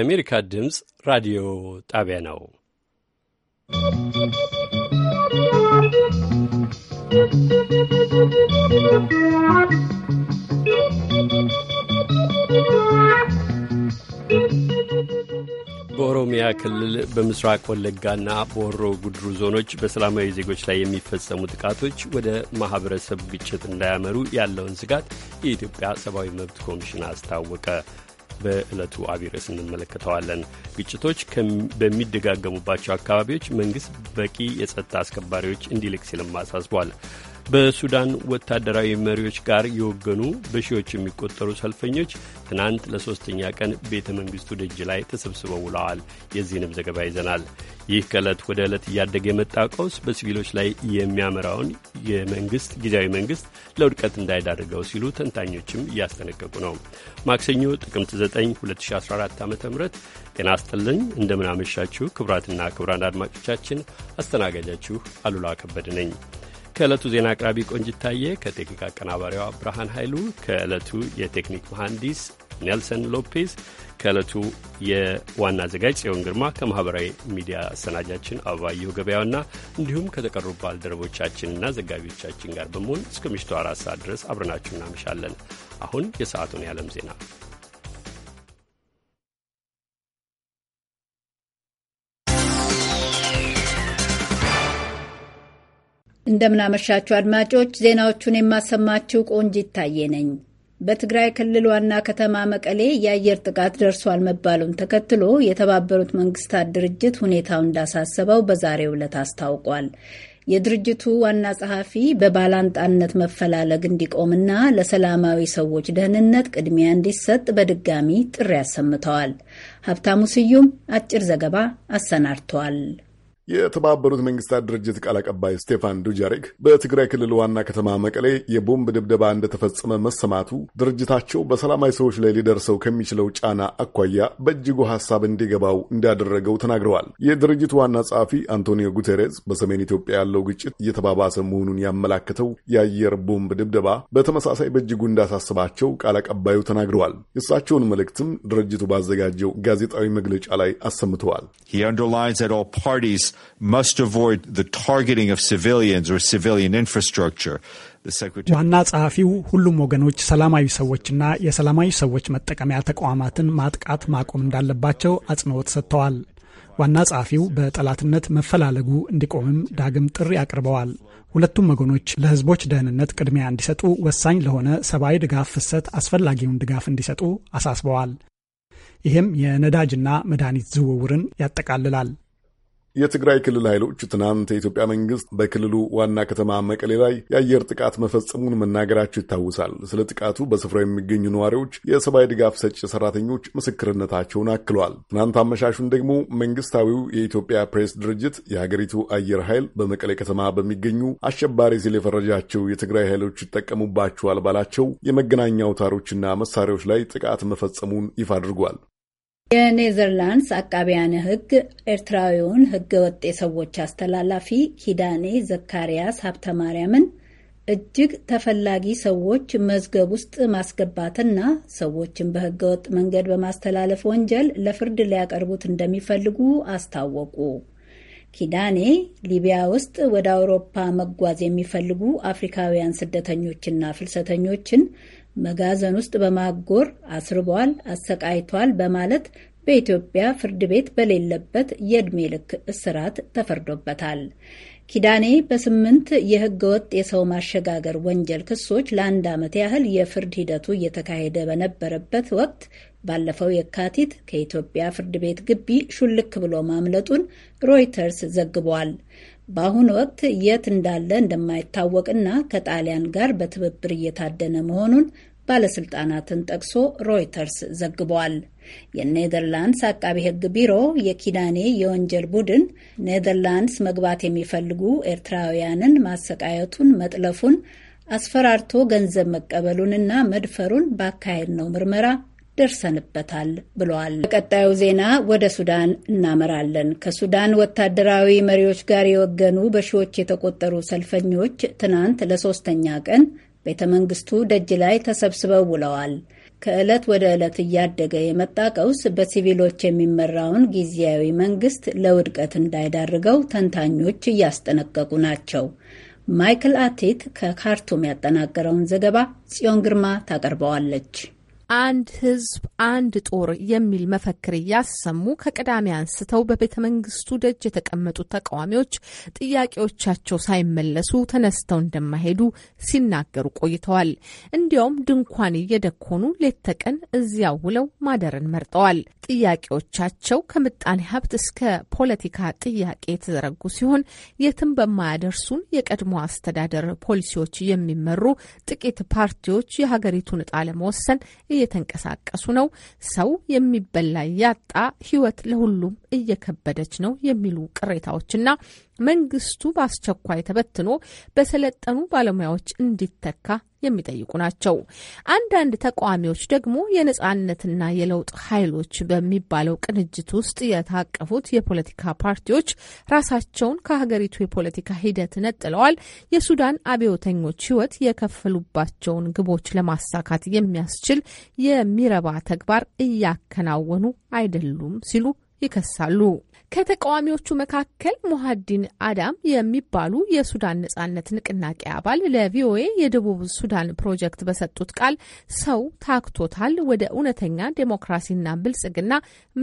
የአሜሪካ ድምፅ ራዲዮ ጣቢያ ነው። በኦሮሚያ ክልል በምስራቅ ወለጋና በሆሮ ጉድሩ ዞኖች በሰላማዊ ዜጎች ላይ የሚፈጸሙ ጥቃቶች ወደ ማኅበረሰብ ግጭት እንዳያመሩ ያለውን ስጋት የኢትዮጵያ ሰብአዊ መብት ኮሚሽን አስታወቀ። በዕለቱ አብይ ርዕስ እንመለከተዋለን። ግጭቶች በሚደጋገሙባቸው አካባቢዎች መንግሥት በቂ የጸጥታ አስከባሪዎች እንዲልክ ሲልም አሳስቧል። በሱዳን ወታደራዊ መሪዎች ጋር የወገኑ በሺዎች የሚቆጠሩ ሰልፈኞች ትናንት ለሶስተኛ ቀን ቤተ መንግስቱ ደጅ ላይ ተሰብስበው ውለዋል። የዚህንም ዘገባ ይዘናል። ይህ ከዕለት ወደ ዕለት እያደገ የመጣ ቀውስ በሲቪሎች ላይ የሚያመራውን የመንግስት ጊዜያዊ መንግስት ለውድቀት እንዳይዳርገው ሲሉ ተንታኞችም እያስጠነቀቁ ነው። ማክሰኞ ጥቅምት 9 2014 ዓ ም ጤና ይስጥልኝ። እንደምናመሻችሁ ክቡራትና ክቡራን አድማጮቻችን አስተናጋጃችሁ አሉላ ከበድ ነኝ። ከዕለቱ ዜና አቅራቢ ቆንጅታየ፣ ከቴክኒክ አቀናባሪዋ ብርሃን ኃይሉ፣ ከዕለቱ የቴክኒክ መሐንዲስ ኔልሰን ሎፔዝ፣ ከዕለቱ የዋና አዘጋጅ ጽዮን ግርማ፣ ከማኅበራዊ ሚዲያ አሰናጃችን አበባየሁ ገበያውና እንዲሁም ከተቀሩ ባልደረቦቻችንና ዘጋቢዎቻችን ጋር በመሆን እስከ ምሽቱ አራት ሰዓት ድረስ አብረናችሁ እናመሻለን። አሁን የሰዓቱን የዓለም ዜና እንደምናመሻችሁ አድማጮች፣ ዜናዎቹን የማሰማችው ቆንጅ ይታየ ነኝ። በትግራይ ክልል ዋና ከተማ መቀሌ የአየር ጥቃት ደርሷል መባሉን ተከትሎ የተባበሩት መንግስታት ድርጅት ሁኔታው እንዳሳሰበው በዛሬው ዕለት አስታውቋል። የድርጅቱ ዋና ጸሐፊ በባላንጣነት መፈላለግ እንዲቆምና ለሰላማዊ ሰዎች ደህንነት ቅድሚያ እንዲሰጥ በድጋሚ ጥሪ አሰምተዋል። ሀብታሙ ስዩም አጭር ዘገባ አሰናድተዋል። የተባበሩት መንግስታት ድርጅት ቃል አቀባይ ስቴፋን ዱጃሪክ በትግራይ ክልል ዋና ከተማ መቀሌ የቦምብ ድብደባ እንደተፈጸመ መሰማቱ ድርጅታቸው በሰላማዊ ሰዎች ላይ ሊደርሰው ከሚችለው ጫና አኳያ በእጅጉ ሀሳብ እንዲገባው እንዳደረገው ተናግረዋል። የድርጅቱ ዋና ጸሐፊ አንቶኒዮ ጉቴሬዝ በሰሜን ኢትዮጵያ ያለው ግጭት እየተባባሰ መሆኑን ያመላክተው የአየር ቦምብ ድብደባ በተመሳሳይ በእጅጉ እንዳሳስባቸው ቃል አቀባዩ ተናግረዋል። የእሳቸውን መልእክትም ድርጅቱ ባዘጋጀው ጋዜጣዊ መግለጫ ላይ አሰምተዋል። must avoid the targeting of civilians or civilian infrastructure. ዋና ጸሐፊው ሁሉም ወገኖች ሰላማዊ ሰዎችና የሰላማዊ ሰዎች መጠቀሚያ ተቋማትን ማጥቃት ማቆም እንዳለባቸው አጽንኦት ሰጥተዋል። ዋና ጸሐፊው በጠላትነት መፈላለጉ እንዲቆምም ዳግም ጥሪ አቅርበዋል። ሁለቱም ወገኖች ለሕዝቦች ደህንነት ቅድሚያ እንዲሰጡ፣ ወሳኝ ለሆነ ሰብአዊ ድጋፍ ፍሰት አስፈላጊውን ድጋፍ እንዲሰጡ አሳስበዋል። ይህም የነዳጅና መድኃኒት ዝውውርን ያጠቃልላል። የትግራይ ክልል ኃይሎች ትናንት የኢትዮጵያ መንግስት በክልሉ ዋና ከተማ መቀሌ ላይ የአየር ጥቃት መፈጸሙን መናገራቸው ይታወሳል። ስለ ጥቃቱ በስፍራው የሚገኙ ነዋሪዎች፣ የሰብአዊ ድጋፍ ሰጪ ሰራተኞች ምስክርነታቸውን አክለዋል። ትናንት አመሻሹን ደግሞ መንግስታዊው የኢትዮጵያ ፕሬስ ድርጅት የሀገሪቱ አየር ኃይል በመቀሌ ከተማ በሚገኙ አሸባሪ ሲል የፈረጃቸው የትግራይ ኃይሎች ይጠቀሙባቸዋል ባላቸው የመገናኛ አውታሮችና መሳሪያዎች ላይ ጥቃት መፈጸሙን ይፋ አድርጓል። የኔዘርላንድስ አቃቢያነ ሕግ ኤርትራዊውን ወጥ የሰዎች አስተላላፊ ኪዳኔ ዘካሪያስ ማርያምን እጅግ ተፈላጊ ሰዎች መዝገብ ውስጥ ማስገባትና ሰዎችን ወጥ መንገድ በማስተላለፍ ወንጀል ለፍርድ ሊያቀርቡት እንደሚፈልጉ አስታወቁ። ኪዳኔ ሊቢያ ውስጥ ወደ አውሮፓ መጓዝ የሚፈልጉ አፍሪካውያን ስደተኞችና ፍልሰተኞችን መጋዘን ውስጥ በማጎር አስርቧል፣ አሰቃይቷል በማለት በኢትዮጵያ ፍርድ ቤት በሌለበት የዕድሜ ልክ እስራት ተፈርዶበታል። ኪዳኔ በስምንት የህገወጥ የሰው ማሸጋገር ወንጀል ክሶች ለአንድ ዓመት ያህል የፍርድ ሂደቱ እየተካሄደ በነበረበት ወቅት ባለፈው የካቲት ከኢትዮጵያ ፍርድ ቤት ግቢ ሹልክ ብሎ ማምለጡን ሮይተርስ ዘግቧል። በአሁኑ ወቅት የት እንዳለ እንደማይታወቅና ከጣሊያን ጋር በትብብር እየታደነ መሆኑን ባለስልጣናትን ጠቅሶ ሮይተርስ ዘግቧል። የኔዘርላንድስ አቃቢ ሕግ ቢሮ የኪዳኔ የወንጀል ቡድን ኔዘርላንድስ መግባት የሚፈልጉ ኤርትራውያንን ማሰቃየቱን፣ መጥለፉን፣ አስፈራርቶ ገንዘብ መቀበሉንና መድፈሩን ባካሄድ ነው ምርመራ ደርሰንበታል ብለዋል። በቀጣዩ ዜና ወደ ሱዳን እናመራለን። ከሱዳን ወታደራዊ መሪዎች ጋር የወገኑ በሺዎች የተቆጠሩ ሰልፈኞች ትናንት ለሶስተኛ ቀን ቤተ መንግስቱ ደጅ ላይ ተሰብስበው ውለዋል። ከዕለት ወደ ዕለት እያደገ የመጣ ቀውስ በሲቪሎች የሚመራውን ጊዜያዊ መንግስት ለውድቀት እንዳይዳርገው ተንታኞች እያስጠነቀቁ ናቸው። ማይክል አቲት ከካርቱም ያጠናቀረውን ዘገባ ጽዮን ግርማ ታቀርበዋለች። አንድ ህዝብ አንድ ጦር የሚል መፈክር እያሰሙ ከቅዳሜ አንስተው በቤተ መንግስቱ ደጅ የተቀመጡ ተቃዋሚዎች ጥያቄዎቻቸው ሳይመለሱ ተነስተው እንደማይሄዱ ሲናገሩ ቆይተዋል። እንዲያውም ድንኳን እየደኮኑ ሌት ተቀን እዚያ ውለው ማደርን መርጠዋል። ጥያቄዎቻቸው ከምጣኔ ሀብት እስከ ፖለቲካ ጥያቄ የተዘረጉ ሲሆን የትም በማያደርሱን የቀድሞ አስተዳደር ፖሊሲዎች የሚመሩ ጥቂት ፓርቲዎች የሀገሪቱን እጣ ለመወሰን እየተንቀሳቀሱ ነው። ሰው የሚበላ ያጣ፣ ህይወት ለሁሉም እየከበደች ነው የሚሉ ቅሬታዎችና መንግስቱ በአስቸኳይ ተበትኖ በሰለጠኑ ባለሙያዎች እንዲተካ የሚጠይቁ ናቸው። አንዳንድ ተቃዋሚዎች ደግሞ የነጻነትና የለውጥ ኃይሎች በሚባለው ቅንጅት ውስጥ የታቀፉት የፖለቲካ ፓርቲዎች ራሳቸውን ከሀገሪቱ የፖለቲካ ሂደት ነጥለዋል፣ የሱዳን አብዮተኞች ህይወት የከፈሉባቸውን ግቦች ለማሳካት የሚያስችል የሚረባ ተግባር እያከናወኑ አይደሉም ሲሉ ይከሳሉ። ከተቃዋሚዎቹ መካከል ሙሀዲን አዳም የሚባሉ የሱዳን ነጻነት ንቅናቄ አባል ለቪኦኤ የደቡብ ሱዳን ፕሮጀክት በሰጡት ቃል ሰው ታክቶታል፣ ወደ እውነተኛ ዴሞክራሲና ብልጽግና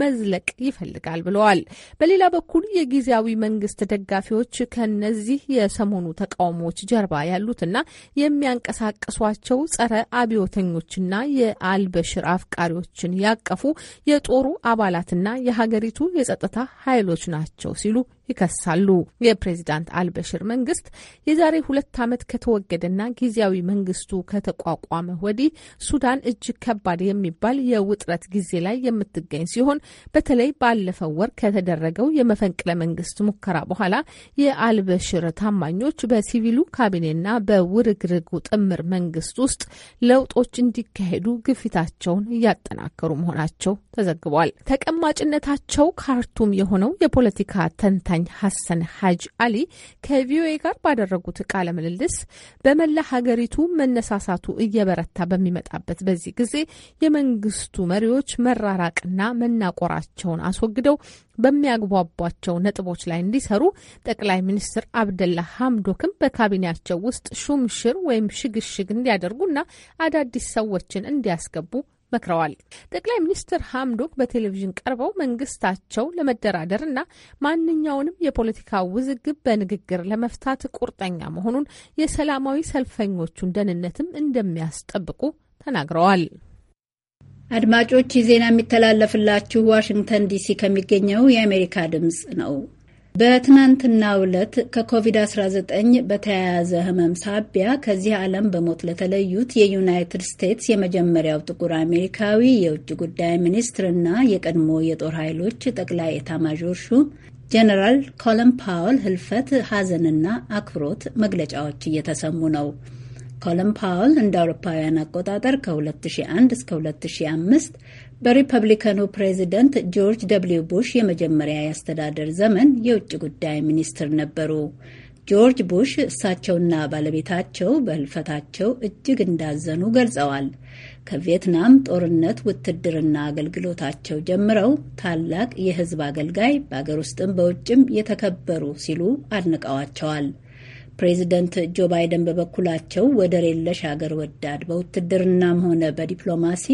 መዝለቅ ይፈልጋል ብለዋል። በሌላ በኩል የጊዜያዊ መንግስት ደጋፊዎች ከነዚህ የሰሞኑ ተቃውሞዎች ጀርባ ያሉትና የሚያንቀሳቅሷቸው ጸረ አብዮተኞችና የአልበሽር አፍቃሪዎችን ያቀፉ የጦሩ አባላትና የሀገሪቱ የጸጥታ ኃይሎች ናቸው ሲሉ ይከሳሉ። የፕሬዚዳንት አልበሽር መንግስት የዛሬ ሁለት ዓመት ከተወገደና ጊዜያዊ መንግስቱ ከተቋቋመ ወዲህ ሱዳን እጅግ ከባድ የሚባል የውጥረት ጊዜ ላይ የምትገኝ ሲሆን በተለይ ባለፈው ወር ከተደረገው የመፈንቅለ መንግስት ሙከራ በኋላ የአልበሽር ታማኞች በሲቪሉ ካቢኔና በውርግርጉ ጥምር መንግስት ውስጥ ለውጦች እንዲካሄዱ ግፊታቸውን እያጠናከሩ መሆናቸው ተዘግቧል። ተቀማጭነታቸው ካርቱም የሆነው የፖለቲካ ተንታኝ ተንታኝ ሀሰን ሀጅ አሊ ከቪኦኤ ጋር ባደረጉት ቃለ ምልልስ በመላ ሀገሪቱ መነሳሳቱ እየበረታ በሚመጣበት በዚህ ጊዜ የመንግስቱ መሪዎች መራራቅና መናቆራቸውን አስወግደው በሚያግባቧቸው ነጥቦች ላይ እንዲሰሩ ጠቅላይ ሚኒስትር አብደላ ሀምዶክም በካቢኔያቸው ውስጥ ሹምሽር ወይም ሽግሽግ እንዲያደርጉና አዳዲስ ሰዎችን እንዲያስገቡ መክረዋል። ጠቅላይ ሚኒስትር ሐምዶክ በቴሌቪዥን ቀርበው መንግስታቸው ለመደራደር እና ማንኛውንም የፖለቲካ ውዝግብ በንግግር ለመፍታት ቁርጠኛ መሆኑን፣ የሰላማዊ ሰልፈኞቹን ደህንነትም እንደሚያስጠብቁ ተናግረዋል። አድማጮች፣ ዜና የሚተላለፍላችሁ ዋሽንግተን ዲሲ ከሚገኘው የአሜሪካ ድምፅ ነው። በትናንትናው ዕለት ከኮቪድ-19 በተያያዘ ህመም ሳቢያ ከዚህ ዓለም በሞት ለተለዩት የዩናይትድ ስቴትስ የመጀመሪያው ጥቁር አሜሪካዊ የውጭ ጉዳይ ሚኒስትር እና የቀድሞ የጦር ኃይሎች ጠቅላይ ኤታማዦር ሹም ጀነራል ኮሊን ፓወል ህልፈት ሐዘንና አክብሮት መግለጫዎች እየተሰሙ ነው። ኮለን ፓወል እንደ አውሮፓውያን አቆጣጠር ከ2001 እስከ 2005 በሪፐብሊካኑ ፕሬዚደንት ጆርጅ ደብሊው ቡሽ የመጀመሪያ የአስተዳደር ዘመን የውጭ ጉዳይ ሚኒስትር ነበሩ። ጆርጅ ቡሽ እሳቸውና ባለቤታቸው በህልፈታቸው እጅግ እንዳዘኑ ገልጸዋል። ከቪየትናም ጦርነት ውትድርና አገልግሎታቸው ጀምረው ታላቅ የህዝብ አገልጋይ፣ በአገር ውስጥም በውጭም የተከበሩ ሲሉ አድንቀዋቸዋል። ፕሬዚደንት ጆ ባይደን በበኩላቸው ወደር የለሽ አገር ወዳድ በውትድርናም ሆነ በዲፕሎማሲ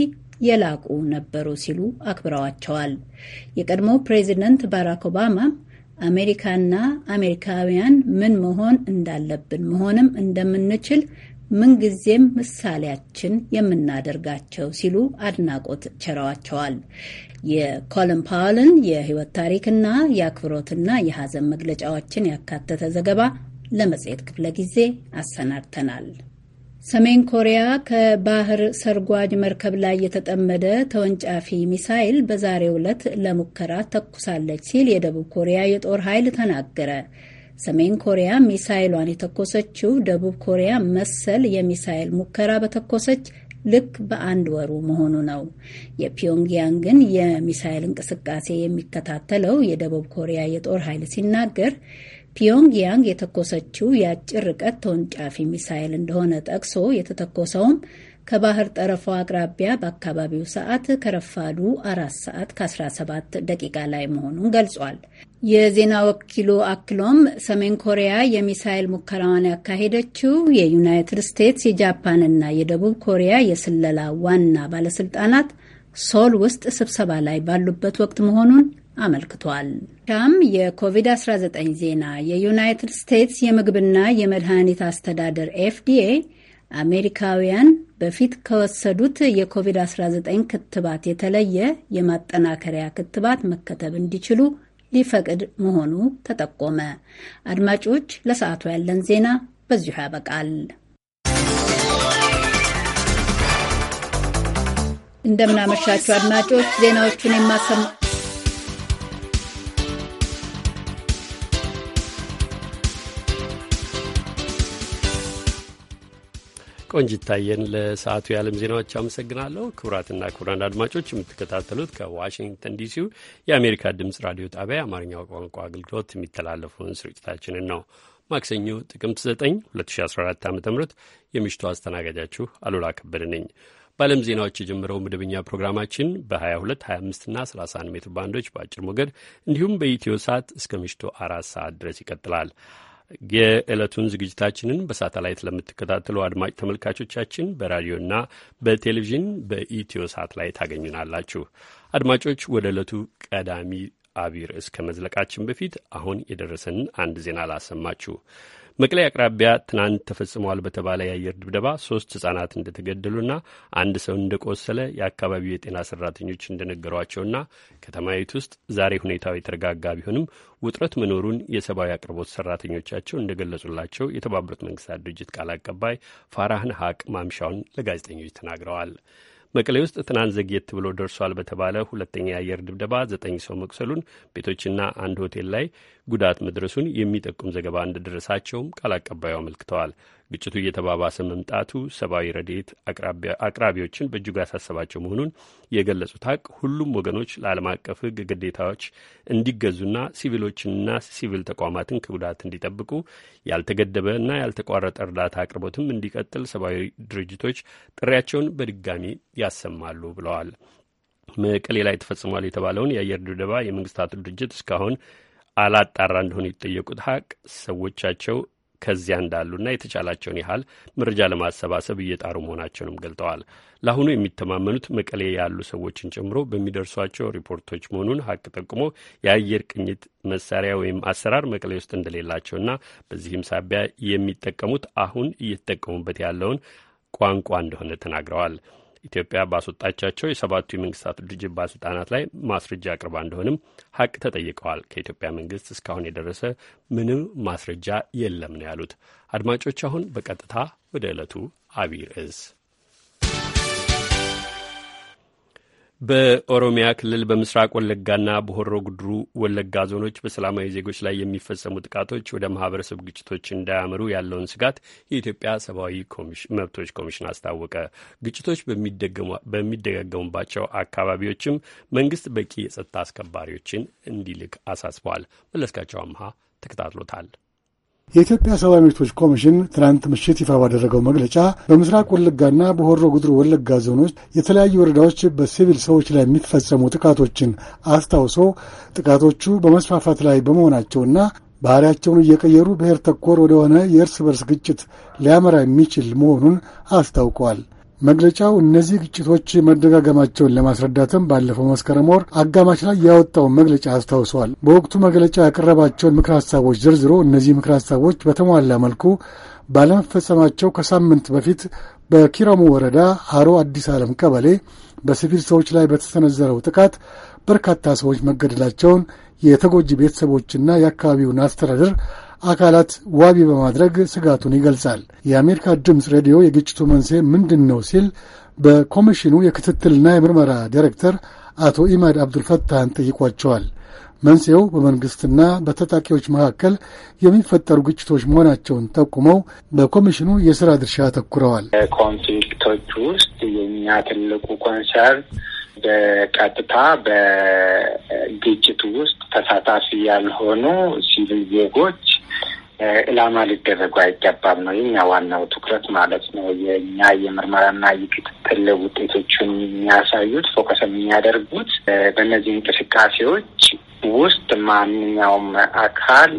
የላቁ ነበሩ ሲሉ አክብረዋቸዋል። የቀድሞ ፕሬዚደንት ባራክ ኦባማ አሜሪካና አሜሪካውያን ምን መሆን እንዳለብን መሆንም እንደምንችል ምንጊዜም ምሳሌያችን የምናደርጋቸው ሲሉ አድናቆት ቸረዋቸዋል። የኮልን ፓውልን የህይወት ታሪክና የአክብሮትና የሐዘን መግለጫዎችን ያካተተ ዘገባ ለመጽሔት ክፍለ ጊዜ አሰናድተናል። ሰሜን ኮሪያ ከባህር ሰርጓጅ መርከብ ላይ የተጠመደ ተወንጫፊ ሚሳይል በዛሬው ዕለት ለሙከራ ተኩሳለች ሲል የደቡብ ኮሪያ የጦር ኃይል ተናገረ። ሰሜን ኮሪያ ሚሳይሏን የተኮሰችው ደቡብ ኮሪያ መሰል የሚሳይል ሙከራ በተኮሰች ልክ በአንድ ወሩ መሆኑ ነው። የፒዮንግያንግን የሚሳይል እንቅስቃሴ የሚከታተለው የደቡብ ኮሪያ የጦር ኃይል ሲናገር ፒዮንግያንግ የተኮሰችው የአጭር ርቀት ተወንጫፊ ሚሳይል እንደሆነ ጠቅሶ የተተኮሰውም ከባህር ጠረፏ አቅራቢያ በአካባቢው ሰዓት ከረፋዱ አራት ሰዓት ከ17 ደቂቃ ላይ መሆኑን ገልጿል። የዜና ወኪሉ አክሎም ሰሜን ኮሪያ የሚሳይል ሙከራዋን ያካሄደችው የዩናይትድ ስቴትስ የጃፓንና የደቡብ ኮሪያ የስለላ ዋና ባለስልጣናት ሶል ውስጥ ስብሰባ ላይ ባሉበት ወቅት መሆኑን አመልክቷል። ሻም የኮቪድ-19 ዜና የዩናይትድ ስቴትስ የምግብና የመድኃኒት አስተዳደር ኤፍዲኤ አሜሪካውያን በፊት ከወሰዱት የኮቪድ-19 ክትባት የተለየ የማጠናከሪያ ክትባት መከተብ እንዲችሉ ሊፈቅድ መሆኑ ተጠቆመ። አድማጮች፣ ለሰዓቱ ያለን ዜና በዚሁ ያበቃል። እንደምናመሻችሁ አድማጮች ዜናዎቹን የማሰማ ቆንጅታየን ለሰዓቱ የዓለም ዜናዎች አመሰግናለሁ። ክቡራትና ክቡራን አድማጮች የምትከታተሉት ከዋሽንግተን ዲሲው የአሜሪካ ድምፅ ራዲዮ ጣቢያ የአማርኛው ቋንቋ አገልግሎት የሚተላለፈውን ስርጭታችንን ነው። ማክሰኞ ጥቅምት 9 2014 ዓ ም የምሽቱ አስተናጋጃችሁ አሉላ ከበደ ነኝ። በዓለም ዜናዎች የጀመረው መደበኛ ፕሮግራማችን በ22፣ 25 ና 31 ሜትር ባንዶች በአጭር ሞገድ እንዲሁም በኢትዮ ሰዓት እስከ ምሽቱ አራት ሰዓት ድረስ ይቀጥላል። የዕለቱን ዝግጅታችንን በሳተላይት ለምትከታተሉ አድማጭ ተመልካቾቻችን በራዲዮና በቴሌቪዥን በኢትዮ ሳት ላይ ታገኙናላችሁ። አድማጮች ወደ ዕለቱ ቀዳሚ አቢይ ርዕስ ከመዝለቃችን በፊት አሁን የደረሰንን አንድ ዜና ላሰማችሁ። መቅሌ አቅራቢያ ትናንት ተፈጽመዋል በተባለ የአየር ድብደባ ሶስት ህጻናት እንደተገደሉና አንድ ሰው እንደቆሰለ የአካባቢው የጤና ሰራተኞች እንደነገሯቸውና ከተማይቱ ውስጥ ዛሬ ሁኔታው የተረጋጋ ቢሆንም ውጥረት መኖሩን የሰብአዊ አቅርቦት ሰራተኞቻቸው እንደገለጹላቸው የተባበሩት መንግስታት ድርጅት ቃል አቀባይ ፋራህን ሀቅ ማምሻውን ለጋዜጠኞች ተናግረዋል። መቀሌ ውስጥ ትናንት ዘግየት ብሎ ደርሷል በተባለ ሁለተኛ የአየር ድብደባ ዘጠኝ ሰው መቁሰሉን ቤቶችና አንድ ሆቴል ላይ ጉዳት መድረሱን የሚጠቁም ዘገባ እንደደረሳቸውም ቃል አቀባዩ አመልክተዋል። ግጭቱ እየተባባሰ መምጣቱ ሰብአዊ ረድኤት አቅራቢዎችን በእጅጉ ያሳሰባቸው መሆኑን የገለጹት ሀቅ ሁሉም ወገኖች ለዓለም አቀፍ ሕግ ግዴታዎች እንዲገዙና ሲቪሎችንና ሲቪል ተቋማትን ከጉዳት እንዲጠብቁ ያልተገደበና ያልተቋረጠ እርዳታ አቅርቦትም እንዲቀጥል ሰብአዊ ድርጅቶች ጥሪያቸውን በድጋሚ ያሰማሉ ብለዋል። መቀሌ ላይ ተፈጽሟል የተባለውን የአየር ድብደባ የመንግስታቱ ድርጅት እስካሁን አላጣራ እንደሆነ የተጠየቁት ሀቅ ሰዎቻቸው ከዚያ እንዳሉና የተቻላቸውን ያህል መረጃ ለማሰባሰብ እየጣሩ መሆናቸውንም ገልጠዋል። ለአሁኑ የሚተማመኑት መቀሌ ያሉ ሰዎችን ጨምሮ በሚደርሷቸው ሪፖርቶች መሆኑን ሀቅ ጠቁሞ የአየር ቅኝት መሳሪያ ወይም አሰራር መቀሌ ውስጥ እንደሌላቸውና በዚህም ሳቢያ የሚጠቀሙት አሁን እየተጠቀሙበት ያለውን ቋንቋ እንደሆነ ተናግረዋል። ኢትዮጵያ ባስወጣቻቸው የሰባቱ የመንግስታቱ ድርጅት ባለስልጣናት ላይ ማስረጃ አቅርባ እንደሆንም ሀቅ ተጠይቀዋል። ከኢትዮጵያ መንግስት እስካሁን የደረሰ ምንም ማስረጃ የለም ነው ያሉት። አድማጮች፣ አሁን በቀጥታ ወደ ዕለቱ አብይ ርዕስ በኦሮሚያ ክልል በምስራቅ ወለጋና በሆሮ ጉድሩ ወለጋ ዞኖች በሰላማዊ ዜጎች ላይ የሚፈጸሙ ጥቃቶች ወደ ማህበረሰብ ግጭቶች እንዳያመሩ ያለውን ስጋት የኢትዮጵያ ሰብአዊ መብቶች ኮሚሽን አስታወቀ። ግጭቶች በሚደጋገሙባቸው አካባቢዎችም መንግስት በቂ የጸጥታ አስከባሪዎችን እንዲልክ አሳስበዋል። መለስካቸው አምሃ ተከታትሎታል። የኢትዮጵያ ሰብአዊ መብቶች ኮሚሽን ትናንት ምሽት ይፋ ባደረገው መግለጫ በምስራቅ ወለጋና በሆሮ ጉድሩ ወለጋ ዞኖች የተለያዩ ወረዳዎች በሲቪል ሰዎች ላይ የሚፈጸሙ ጥቃቶችን አስታውሶ ጥቃቶቹ በመስፋፋት ላይ በመሆናቸውና ባህሪያቸውን እየቀየሩ ብሔር ተኮር ወደሆነ የእርስ በርስ ግጭት ሊያመራ የሚችል መሆኑን አስታውቀዋል። መግለጫው እነዚህ ግጭቶች መደጋገማቸውን ለማስረዳትም ባለፈው መስከረም ወር አጋማሽ ላይ ያወጣውን መግለጫ አስታውሰዋል። በወቅቱ መግለጫ ያቀረባቸውን ምክር ሀሳቦች ዝርዝሮ እነዚህ ምክር ሀሳቦች በተሟላ መልኩ ባለመፈጸማቸው ከሳምንት በፊት በኪረሙ ወረዳ ሀሮ አዲስ ዓለም ቀበሌ በሲቪል ሰዎች ላይ በተሰነዘረው ጥቃት በርካታ ሰዎች መገደላቸውን የተጎጂ ቤተሰቦችና የአካባቢውን አስተዳደር አካላት ዋቢ በማድረግ ስጋቱን ይገልጻል። የአሜሪካ ድምፅ ሬዲዮ የግጭቱ መንስኤ ምንድን ነው ሲል በኮሚሽኑ የክትትልና የምርመራ ዳይሬክተር አቶ ኢማድ አብዱልፈታህን ጠይቋቸዋል። መንስኤው በመንግሥትና በታጣቂዎች መካከል የሚፈጠሩ ግጭቶች መሆናቸውን ጠቁመው በኮሚሽኑ የሥራ ድርሻ አተኩረዋል። ኮንፍሊክቶች ውስጥ የእኛ ትልቁ ኮንሰርን በቀጥታ በግጭቱ ውስጥ ተሳታፊ ያልሆኑ ሲቪል ዜጎች ኢላማ ሊደረጉ አይገባም ነው የኛ ዋናው ትኩረት ማለት ነው። የእኛ የምርመራና የክትትል ውጤቶቹን የሚያሳዩት ፎከስ የሚያደርጉት በእነዚህ እንቅስቃሴዎች ውስጥ ማንኛውም አካል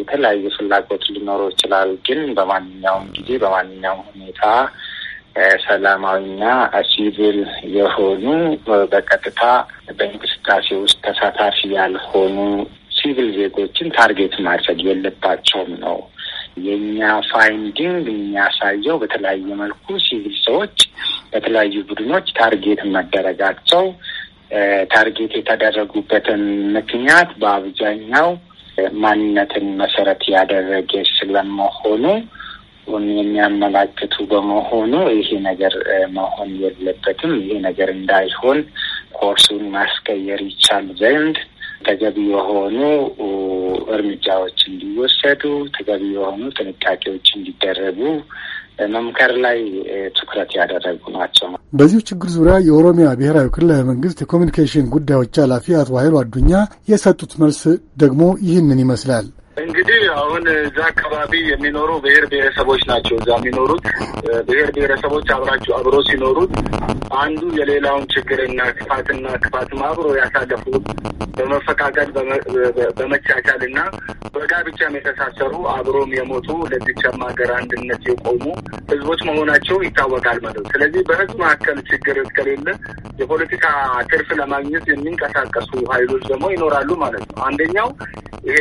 የተለያዩ ፍላጎት ሊኖረው ይችላል። ግን በማንኛውም ጊዜ በማንኛውም ሁኔታ ሰላማዊና ሲቪል የሆኑ በቀጥታ በእንቅስቃሴ ውስጥ ተሳታፊ ያልሆኑ ሲቪል ዜጎችን ታርጌት ማድረግ የለባቸውም ነው የእኛ ፋይንዲንግ የሚያሳየው። በተለያየ መልኩ ሲቪል ሰዎች በተለያዩ ቡድኖች ታርጌት መደረጋቸው ታርጌት የተደረጉበትን ምክንያት በአብዛኛው ማንነትን መሰረት ያደረገ ስለመሆኑ የሚያመላክቱ በመሆኑ ይሄ ነገር መሆን የለበትም። ይሄ ነገር እንዳይሆን ኮርሱን ማስቀየር ይቻል ዘንድ ተገቢ የሆኑ እርምጃዎች እንዲወሰዱ፣ ተገቢ የሆኑ ጥንቃቄዎች እንዲደረጉ መምከር ላይ ትኩረት ያደረጉ ናቸው። በዚሁ ችግር ዙሪያ የኦሮሚያ ብሔራዊ ክልላዊ መንግስት የኮሚኒኬሽን ጉዳዮች ኃላፊ አቶ ኃይሉ አዱኛ የሰጡት መልስ ደግሞ ይህንን ይመስላል። እንግዲህ አሁን እዛ አካባቢ የሚኖሩ ብሔር ብሔረሰቦች ናቸው እዛ የሚኖሩት ብሔር ብሔረሰቦች አብራቸው አብሮ ሲኖሩት አንዱ የሌላውን ችግርና ክፋትና ክፋትም አብሮ ያሳለፉ በመፈቃቀል በመቻቻል እና በጋብቻም የተሳሰሩ አብሮም የሞቱ ለዚቻም ሀገር አንድነት የቆሙ ህዝቦች መሆናቸው ይታወቃል ማለት ነው። ስለዚህ በህዝብ መካከል ችግር እስከሌለ የፖለቲካ ትርፍ ለማግኘት የሚንቀሳቀሱ ሀይሎች ደግሞ ይኖራሉ ማለት ነው። አንደኛው ይሄ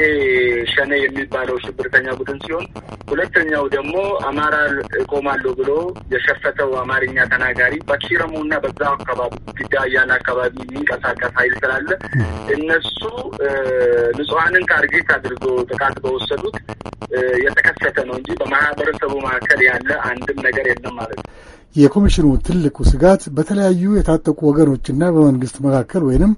ሸኔ የሚባለው ሽብርተኛ ቡድን ሲሆን ሁለተኛው ደግሞ አማራ እቆማለሁ ብሎ የሸፈተው አማርኛ ተናጋሪ በኪረሙ እና በዛ አካባቢ ግዳያን አካባቢ የሚንቀሳቀስ ኃይል ስላለ እነሱ ንጹሐንን ታርጌት አድርጎ ጥቃት በወሰዱት የተከሰተ ነው እንጂ በማህበረሰቡ መካከል ያለ አንድም ነገር የለም ማለት ነው። የኮሚሽኑ ትልቁ ስጋት በተለያዩ የታጠቁ ወገኖችና በመንግስት መካከል ወይንም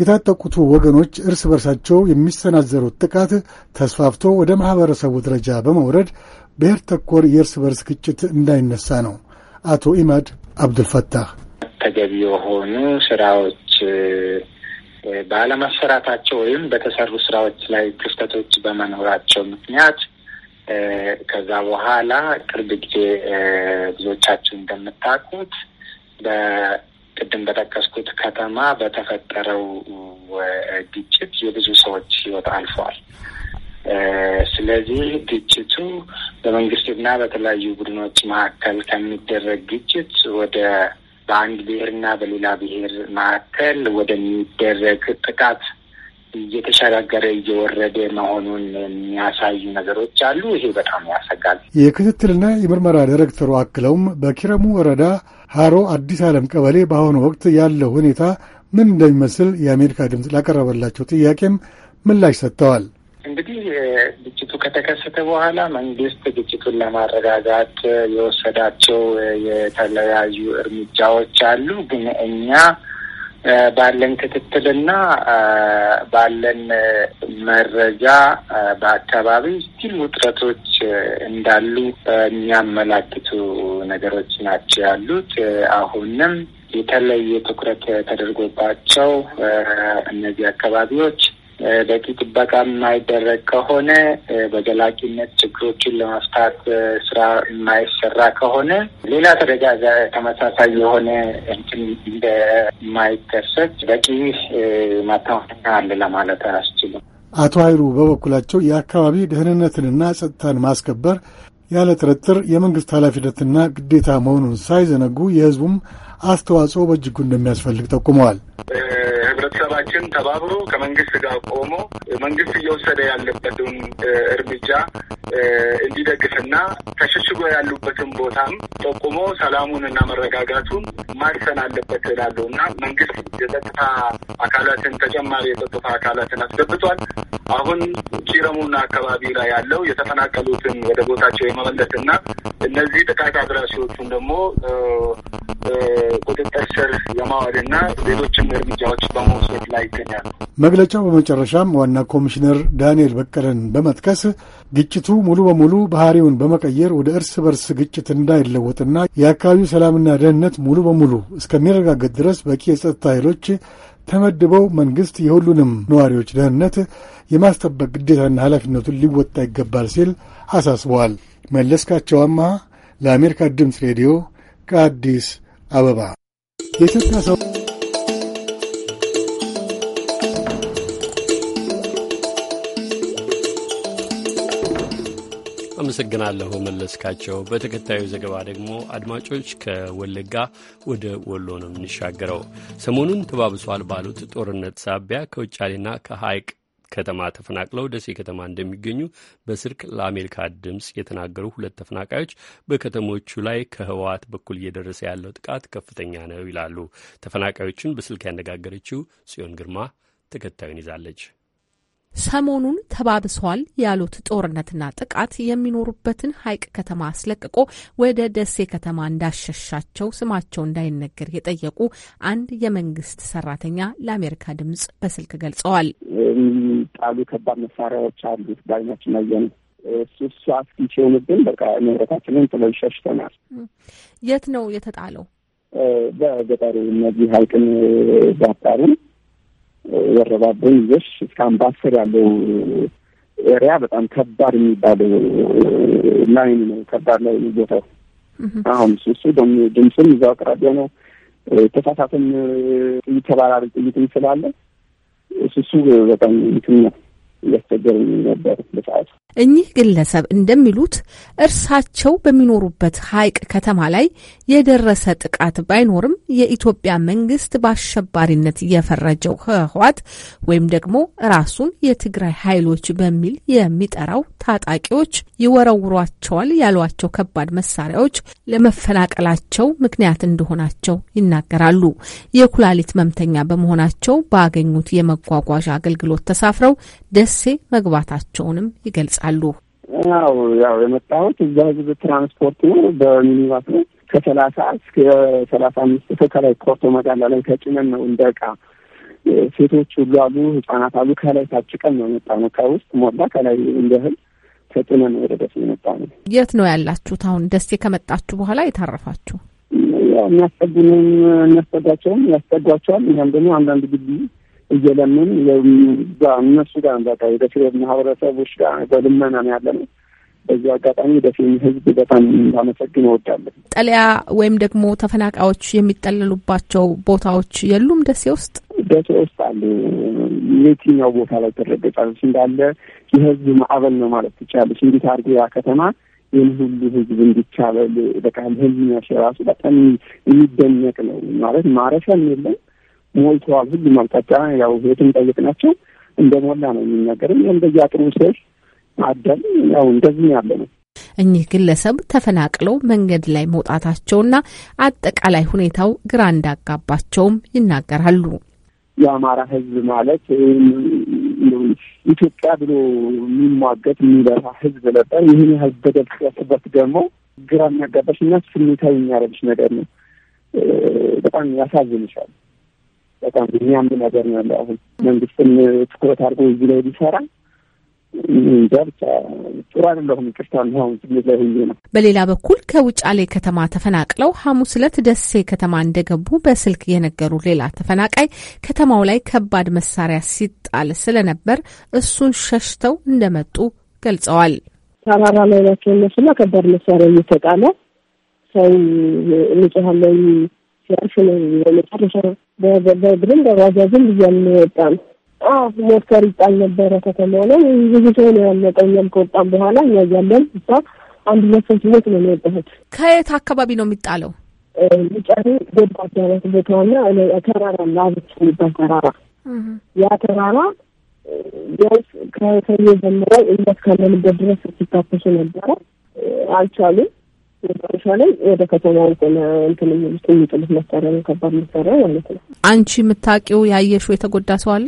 የታጠቁት ወገኖች እርስ በርሳቸው የሚሰናዘሩት ጥቃት ተስፋፍቶ ወደ ማኅበረሰቡ ደረጃ በመውረድ ብሔር ተኮር የእርስ በርስ ግጭት እንዳይነሳ ነው። አቶ ኢማድ አብዱልፈታህ ተገቢ የሆኑ ስራዎች ባለመሰራታቸው ወይም በተሰሩ ስራዎች ላይ ክፍተቶች በመኖራቸው ምክንያት ከዛ በኋላ ቅርብ ጊዜ ብዙዎቻችሁ እንደምታውቁት ቅድም በጠቀስኩት ከተማ በተፈጠረው ግጭት የብዙ ሰዎች ህይወት አልፈዋል። ስለዚህ ግጭቱ በመንግስትና በተለያዩ ቡድኖች መካከል ከሚደረግ ግጭት ወደ በአንድ ብሔርና በሌላ ብሔር መካከል ወደሚደረግ ጥቃት እየተሸጋገረ እየወረደ መሆኑን የሚያሳዩ ነገሮች አሉ። ይሄ በጣም ያሰጋል። የክትትልና የምርመራ ዳይሬክተሩ አክለውም በኪረሙ ወረዳ ሀሮ አዲስ ዓለም ቀበሌ በአሁኑ ወቅት ያለው ሁኔታ ምን እንደሚመስል የአሜሪካ ድምፅ ላቀረበላቸው ጥያቄም ምላሽ ሰጥተዋል። እንግዲህ ግጭቱ ከተከሰተ በኋላ መንግስት ግጭቱን ለማረጋጋት የወሰዳቸው የተለያዩ እርምጃዎች አሉ ግን እኛ ባለን ክትትልና ባለን መረጃ በአካባቢ ስቲል ውጥረቶች እንዳሉ የሚያመላክቱ ነገሮች ናቸው ያሉት። አሁንም የተለየ ትኩረት ተደርጎባቸው እነዚህ አካባቢዎች በቂ ጥበቃ የማይደረግ ከሆነ በዘላቂነት ችግሮችን ለመፍታት ስራ የማይሰራ ከሆነ ሌላ ተደጋጋ ተመሳሳይ የሆነ እንትን እንደማይከሰት በቂ ማታወቂያ አለ ለማለት አያስችልም። አቶ ኃይሉ በበኩላቸው የአካባቢ ደህንነትንና ጸጥታን ማስከበር ያለ ጥርጥር የመንግስት ኃላፊነትና ግዴታ መሆኑን ሳይዘነጉ የህዝቡም አስተዋጽኦ በእጅጉ እንደሚያስፈልግ ጠቁመዋል። ህብረተሰባችን ተባብሮ ከመንግስት ጋር ቆሞ መንግስት እየወሰደ ያለበትን እርምጃ እንዲደግፍና ተሸሽጎ ያሉበትን ቦታም ጠቁሞ ሰላሙን እና መረጋጋቱን ማድሰን አለበት እላለሁ እና መንግስት የጸጥታ አካላትን ተጨማሪ የጸጥታ አካላትን አስገብቷል። አሁን ኪረሙና አካባቢ ላይ ያለው የተፈናቀሉትን ወደ ቦታቸው የመመለስ እና እነዚህ ጥቃት አድራሲዎቹን ደግሞ ቁጥጥር ስር የማዋልና ሌሎችም እርምጃዎች በመውሰድ በማስኬድ ላይ ይገኛሉ። መግለጫው በመጨረሻም ዋና ኮሚሽነር ዳንኤል በቀለን በመጥቀስ ግጭቱ ሙሉ በሙሉ ባህሪውን በመቀየር ወደ እርስ በርስ ግጭት እንዳይለወጥና የአካባቢው ሰላምና ደህንነት ሙሉ በሙሉ እስከሚረጋገጥ ድረስ በቂ የጸጥታ ኃይሎች ተመድበው መንግስት የሁሉንም ነዋሪዎች ደህንነት የማስጠበቅ ግዴታና ኃላፊነቱን ሊወጣ ይገባል ሲል አሳስበዋል። መለስካቸው ለአሜሪካ ድምፅ ሬዲዮ ከአዲስ አበባ የኢትዮጵያ ሰው አመሰግናለሁ መለስካቸው። በተከታዩ ዘገባ ደግሞ አድማጮች ከወለጋ ወደ ወሎ ነው የምንሻገረው። ሰሞኑን ተባብሷል ባሉት ጦርነት ሳቢያ ከውጫሌና ከሐይቅ ከተማ ተፈናቅለው ደሴ ከተማ እንደሚገኙ በስልክ ለአሜሪካ ድምፅ የተናገሩ ሁለት ተፈናቃዮች በከተሞቹ ላይ ከህወሓት በኩል እየደረሰ ያለው ጥቃት ከፍተኛ ነው ይላሉ። ተፈናቃዮቹን በስልክ ያነጋገረችው ጽዮን ግርማ ተከታዩን ይዛለች። ሰሞኑን ተባብሷል ያሉት ጦርነትና ጥቃት የሚኖሩበትን ሐይቅ ከተማ አስለቅቆ ወደ ደሴ ከተማ እንዳሸሻቸው ስማቸው እንዳይነገር የጠየቁ አንድ የመንግስት ሰራተኛ ለአሜሪካ ድምጽ በስልክ ገልጸዋል። የሚጣሉ ከባድ መሳሪያዎች አሉት በአይናችን አየን። እሱ እሱ አስጊ ሲሆንብን በቃ ንብረታችንን ጥለው ሸሽተናል። የት ነው የተጣለው? በገጠሩ እነዚህ ሐይቅን ዛጣሩን ወረባቦ ይዘሽ እስከ አምባሰር ያለው ኤሪያ በጣም ከባድ የሚባል ላይን ነው። ከባድ ላይ ቦታው አሁን እሱ ድምፅም እዛው አቅራቢያ ነው። ተሳሳትም ጥይት ተባራሪ ጥይትም ስላለ እሱ እሱ በጣም እንትን ነው እያስቸገረኝ ነበር በሰዓቱ። እኚህ ግለሰብ እንደሚሉት እርሳቸው በሚኖሩበት ሐይቅ ከተማ ላይ የደረሰ ጥቃት ባይኖርም የኢትዮጵያ መንግስት በአሸባሪነት የፈረጀው ህወሓት ወይም ደግሞ ራሱን የትግራይ ኃይሎች በሚል የሚጠራው ታጣቂዎች ይወረውሯቸዋል ያሏቸው ከባድ መሳሪያዎች ለመፈናቀላቸው ምክንያት እንደሆናቸው ይናገራሉ። የኩላሊት መምተኛ በመሆናቸው ባገኙት የመጓጓዣ አገልግሎት ተሳፍረው ደሴ መግባታቸውንም ይገልጻል። ይገልጻሉ። ያው ያው የመጣሁት እዛ ህዝብ ትራንስፖርት ነው በሚኒባስ ነው ከሰላሳ እስከ ሰላሳ አምስት ሰው ከላይ ኮርቶ መጋላ ላይ ተጭነን ነው እንደ ዕቃ ሴቶች ሁሉ አሉ፣ ህጻናት አሉ። ከላይ ታጭቀን ነው የመጣ ነው። ከውስጥ ሞላ ከላይ እንደ እህል ተጭነን ወደ ደሴ የመጣ ነው። የት ነው ያላችሁት? አሁን ደሴ ከመጣችሁ በኋላ የታረፋችሁ? ያው የሚያስጠጉንም የሚያስጠጓቸውም ያስጠጓቸዋል። እኛም ደግሞ አንዳንድ ግቢ እየለምን እነሱ ጋር በቃ የደሴ ማህበረሰቦች ጋር በልመና ነው ያለ ነው። በዚህ አጋጣሚ ደሴን ህዝብ በጣም ባመሰግን እወዳለሁ። ጠለያ ወይም ደግሞ ተፈናቃዮች የሚጠለሉባቸው ቦታዎች የሉም ደሴ ውስጥ? ደሴ ውስጥ አሉ። የትኛው ቦታ ላይ ትረገጫለች? እንዳለ የህዝብ ማዕበል ነው ማለት ትችላለች። እንዴት አድርጎ ያ ከተማ ይህን ሁሉ ህዝብ እንዲቻለል በቃ ህዝብ ራሱ በጣም የሚደነቅ ነው ማለት ማረፊያም የለም ሞልተዋል። ሁሉም አቅጣጫ ያው የትም ጠይቅ ናቸው እንደ ሞላ ነው የሚነገርም። ይህም በየአቅሙ ሰዎች አደል ያው እንደዚህ ያለ ነው። እኚህ ግለሰብ ተፈናቅለው መንገድ ላይ መውጣታቸውና አጠቃላይ ሁኔታው ግራ እንዳጋባቸውም ይናገራሉ። የአማራ ህዝብ ማለት ኢትዮጵያ ብሎ የሚሟገት የሚበራ ህዝብ ነበር። ይህን ያህል በደል ሲያስበት ደግሞ ግራ የሚያጋባሽ እና ስሜታዊ የሚያረግሽ ነገር ነው። በጣም ያሳዝንሻል። በጣም የሚያምን ነገር ነው ያለው። አሁን መንግስትም ትኩረት አድርጎ እዚህ ላይ ሊሰራ ጥሩ በሌላ በኩል ከውጫሌ ከተማ ተፈናቅለው ሐሙስ ዕለት ደሴ ከተማ እንደገቡ በስልክ የነገሩ ሌላ ተፈናቃይ ከተማው ላይ ከባድ መሳሪያ ሲጣል ስለነበር እሱን ሸሽተው እንደመጡ ገልጸዋል። ተራራ ላይ ናቸው እነሱና ከባድ መሳሪያ እየተጣለ ሰው ንጹሀን ላይ ሲያልፍነኝ የመጨረሻ በእግርም በባጃጅም ብያን ወጣም። አዎ ሞተር ይጣል ነበረ። ነው ብዙ ሰው ነው ያለቀው። እኛም ከወጣም በኋላ እኛ እያለን እሷ አንድ ሁለት ነው የወጣሁት። ከየት አካባቢ ነው የሚጣለው? ምጫሪ ጎባ አዳራት ቦታና ተራራ ላብች የሚባል ተራራ ያ ተራራ ቢያንስ ከሰኞ ጀምሮ እኛ እስካለንበት ድረስ ሲታፈሱ ነበረ። አልቻሉም መጨረሻ ላይ ወደ ከተማ ሆነ እንትን የሚሉት የሚጥሉት መሳሪያ ነው፣ ከባድ መሳሪያ ማለት ነው። አንቺ የምታውቂው ያየሽው የተጎዳ ሰው አለ?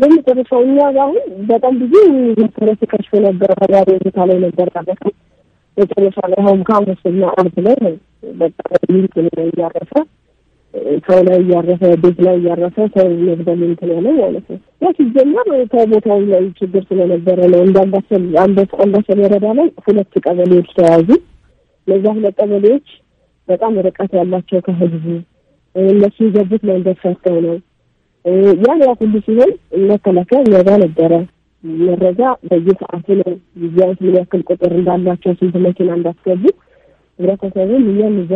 በመጨረሻው እኛ አሁን በጣም ብዙ መሰረት ነበረ። ተጋሪ ቦታ ላይ ነበር ያለፈ መጨረሻ ላይ አሁን ከሐሙስና ዓርብ ላይ በጣም እንትን እያረፈ ሰው ላይ እያረፈ ቤት ላይ እያረፈ ሰው መግደል እንትን ያለ ማለት ነው። ያ ሲጀመር ከቦታው ላይ ችግር ስለነበረ ነው። እንደ አንዳሰል ወረዳ ላይ ሁለት ቀበሌዎች ተያዙ። እነዚያ ሁለት ቀበሌዎች በጣም ርቀት ያላቸው ከህዝቡ እነሱ የገቡት መንገድ ፈተው ነው። ያን ያ ሁሉ ሲሆን መከላከያ እነዛ ነበረ መረጃ በየሰዓቱ ነው። ጊዜያት ምን ያክል ቁጥር እንዳላቸው፣ ስንት መኪና እንዳስገቡ ህብረተሰቡም እኛም እዛ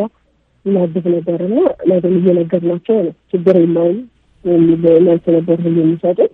እናግዝ ነበር እና ነገም እየነገርናቸው ነው ችግር የለውም የሚል መልስ ነበር ሁሉ የሚሰጡት።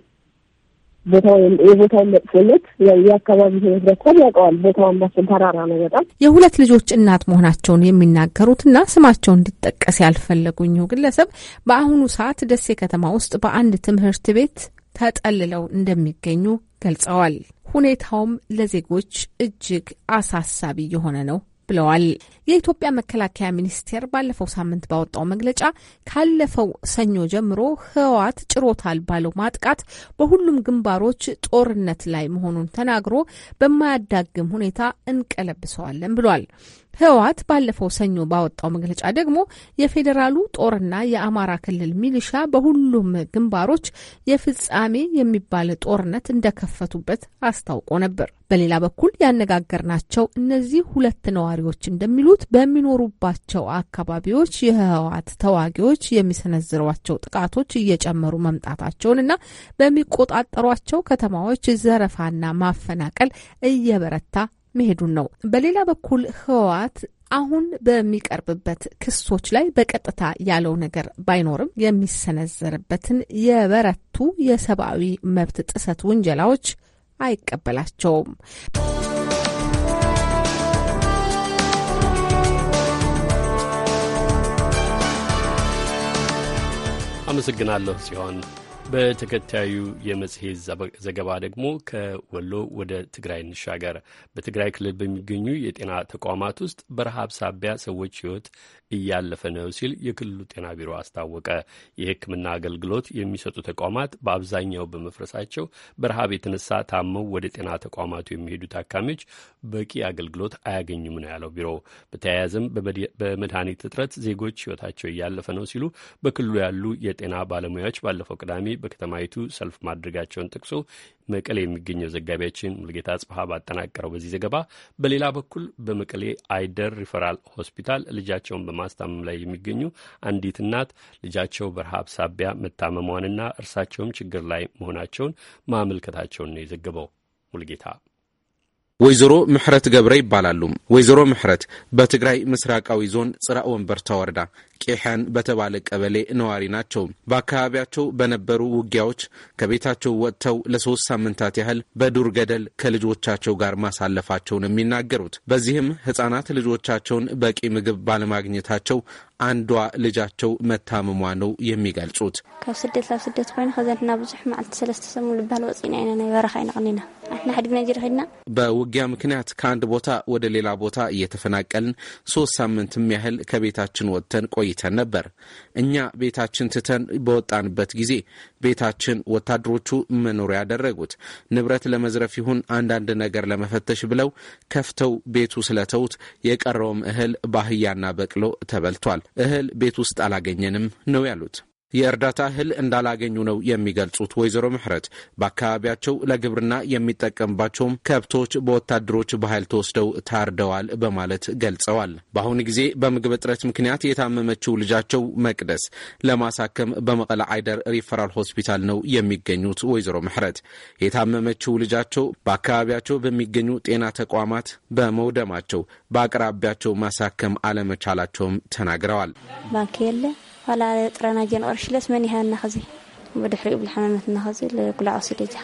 ቦታው የቦታውን መጥፎነት የአካባቢ ህብረተሰብ ያውቀዋል። ቦታውን ባችን ተራራ ነው በጣም የሁለት ልጆች እናት መሆናቸውን የሚናገሩትና ስማቸው እንዲጠቀስ ያልፈለጉኝው ግለሰብ በአሁኑ ሰዓት ደሴ ከተማ ውስጥ በአንድ ትምህርት ቤት ተጠልለው እንደሚገኙ ገልጸዋል። ሁኔታውም ለዜጎች እጅግ አሳሳቢ የሆነ ነው ብለዋል። የኢትዮጵያ መከላከያ ሚኒስቴር ባለፈው ሳምንት ባወጣው መግለጫ ካለፈው ሰኞ ጀምሮ ህወሓት ጭሮታል ባለው ማጥቃት በሁሉም ግንባሮች ጦርነት ላይ መሆኑን ተናግሮ በማያዳግም ሁኔታ እንቀለብሰዋለን ብሏል። ህወሓት ባለፈው ሰኞ ባወጣው መግለጫ ደግሞ የፌዴራሉ ጦርና የአማራ ክልል ሚሊሻ በሁሉም ግንባሮች የፍጻሜ የሚባል ጦርነት እንደከፈቱበት አስታውቆ ነበር። በሌላ በኩል ያነጋገርናቸው እነዚህ ሁለት ነዋሪዎች እንደሚሉት በሚኖሩባቸው አካባቢዎች የህወሓት ተዋጊዎች የሚሰነዝሯቸው ጥቃቶች እየጨመሩ መምጣታቸውንና በሚቆጣጠሯቸው ከተማዎች ዘረፋና ማፈናቀል እየበረታ መሄዱን ነው። በሌላ በኩል ህወሓት አሁን በሚቀርብበት ክሶች ላይ በቀጥታ ያለው ነገር ባይኖርም የሚሰነዘርበትን የበረቱ የሰብአዊ መብት ጥሰት ውንጀላዎች አይቀበላቸውም። አመሰግናለሁ ሲሆን በተከታዩ የመጽሔት ዘገባ ደግሞ ከወሎ ወደ ትግራይ እንሻገር። በትግራይ ክልል በሚገኙ የጤና ተቋማት ውስጥ በረሃብ ሳቢያ ሰዎች ሕይወት እያለፈ ነው ሲል የክልሉ ጤና ቢሮ አስታወቀ። የሕክምና አገልግሎት የሚሰጡ ተቋማት በአብዛኛው በመፍረሳቸው በረሃብ የተነሳ ታመው ወደ ጤና ተቋማቱ የሚሄዱ ታካሚዎች በቂ አገልግሎት አያገኙም ነው ያለው ቢሮ። በተያያዘም በመድኃኒት እጥረት ዜጎች ሕይወታቸው እያለፈ ነው ሲሉ በክልሉ ያሉ የጤና ባለሙያዎች ባለፈው ቅዳሜ በከተማይቱ ሰልፍ ማድረጋቸውን ጠቅሶ መቀሌ የሚገኘው ዘጋቢያችን ሙልጌታ ጽብሀ ባጠናቀረው በዚህ ዘገባ፣ በሌላ በኩል በመቀሌ አይደር ሪፈራል ሆስፒታል ልጃቸውን በማስታመም ላይ የሚገኙ አንዲት እናት ልጃቸው በረሃብ ሳቢያ መታመሟንና እርሳቸውም ችግር ላይ መሆናቸውን ማመልከታቸውን ነው የዘገበው ሙልጌታ ወይዘሮ ምሕረት ገብረ ይባላሉ። ወይዘሮ ምሕረት በትግራይ ምስራቃዊ ዞን ጽራእ ወንበርታ ወረዳ ቄሕያን በተባለ ቀበሌ ነዋሪ ናቸው። በአካባቢያቸው በነበሩ ውጊያዎች ከቤታቸው ወጥተው ለሶስት ሳምንታት ያህል በዱር ገደል ከልጆቻቸው ጋር ማሳለፋቸውን የሚናገሩት በዚህም ሕጻናት ልጆቻቸውን በቂ ምግብ ባለማግኘታቸው አንዷ ልጃቸው መታመሟ ነው የሚገልጹት። ካብ ስደት ናብ ስደት ኮይኑ ከዘንትና ብዙሕ መዓልቲ ሰለስተ ሰሙን ወፂና ኢና ናይ በረኻ ይነቕኒና በውጊያ ምክንያት ከአንድ ቦታ ወደ ሌላ ቦታ እየተፈናቀልን ሶስት ሳምንትም ያህል ከቤታችን ወጥተን ቆይተን ነበር። እኛ ቤታችን ትተን በወጣንበት ጊዜ ቤታችን ወታደሮቹ መኖሪያ ያደረጉት ንብረት ለመዝረፍ ይሁን አንዳንድ ነገር ለመፈተሽ ብለው ከፍተው ቤቱ ስለተውት የቀረውም እህል ባህያና በቅሎ ተበልቷል። እህል ቤት ውስጥ አላገኘንም ነው ያሉት። የእርዳታ እህል እንዳላገኙ ነው የሚገልጹት። ወይዘሮ ምሕረት በአካባቢያቸው ለግብርና የሚጠቀምባቸውም ከብቶች በወታደሮች በኃይል ተወስደው ታርደዋል በማለት ገልጸዋል። በአሁኑ ጊዜ በምግብ እጥረት ምክንያት የታመመችው ልጃቸው መቅደስ ለማሳከም በመቀለ አይደር ሪፈራል ሆስፒታል ነው የሚገኙት። ወይዘሮ ምሕረት የታመመችው ልጃቸው በአካባቢያቸው በሚገኙ ጤና ተቋማት በመውደማቸው በአቅራቢያቸው ማሳከም አለመቻላቸውም ተናግረዋል። ባንክ የለ ዝተፈላለየ ጥረና ጥረናጀን ሽለስ መን ይሃ እናኸዚ ብድሕሪኡ ብልሓመመት ናኸዚ ጉላዕ ወሲደጃ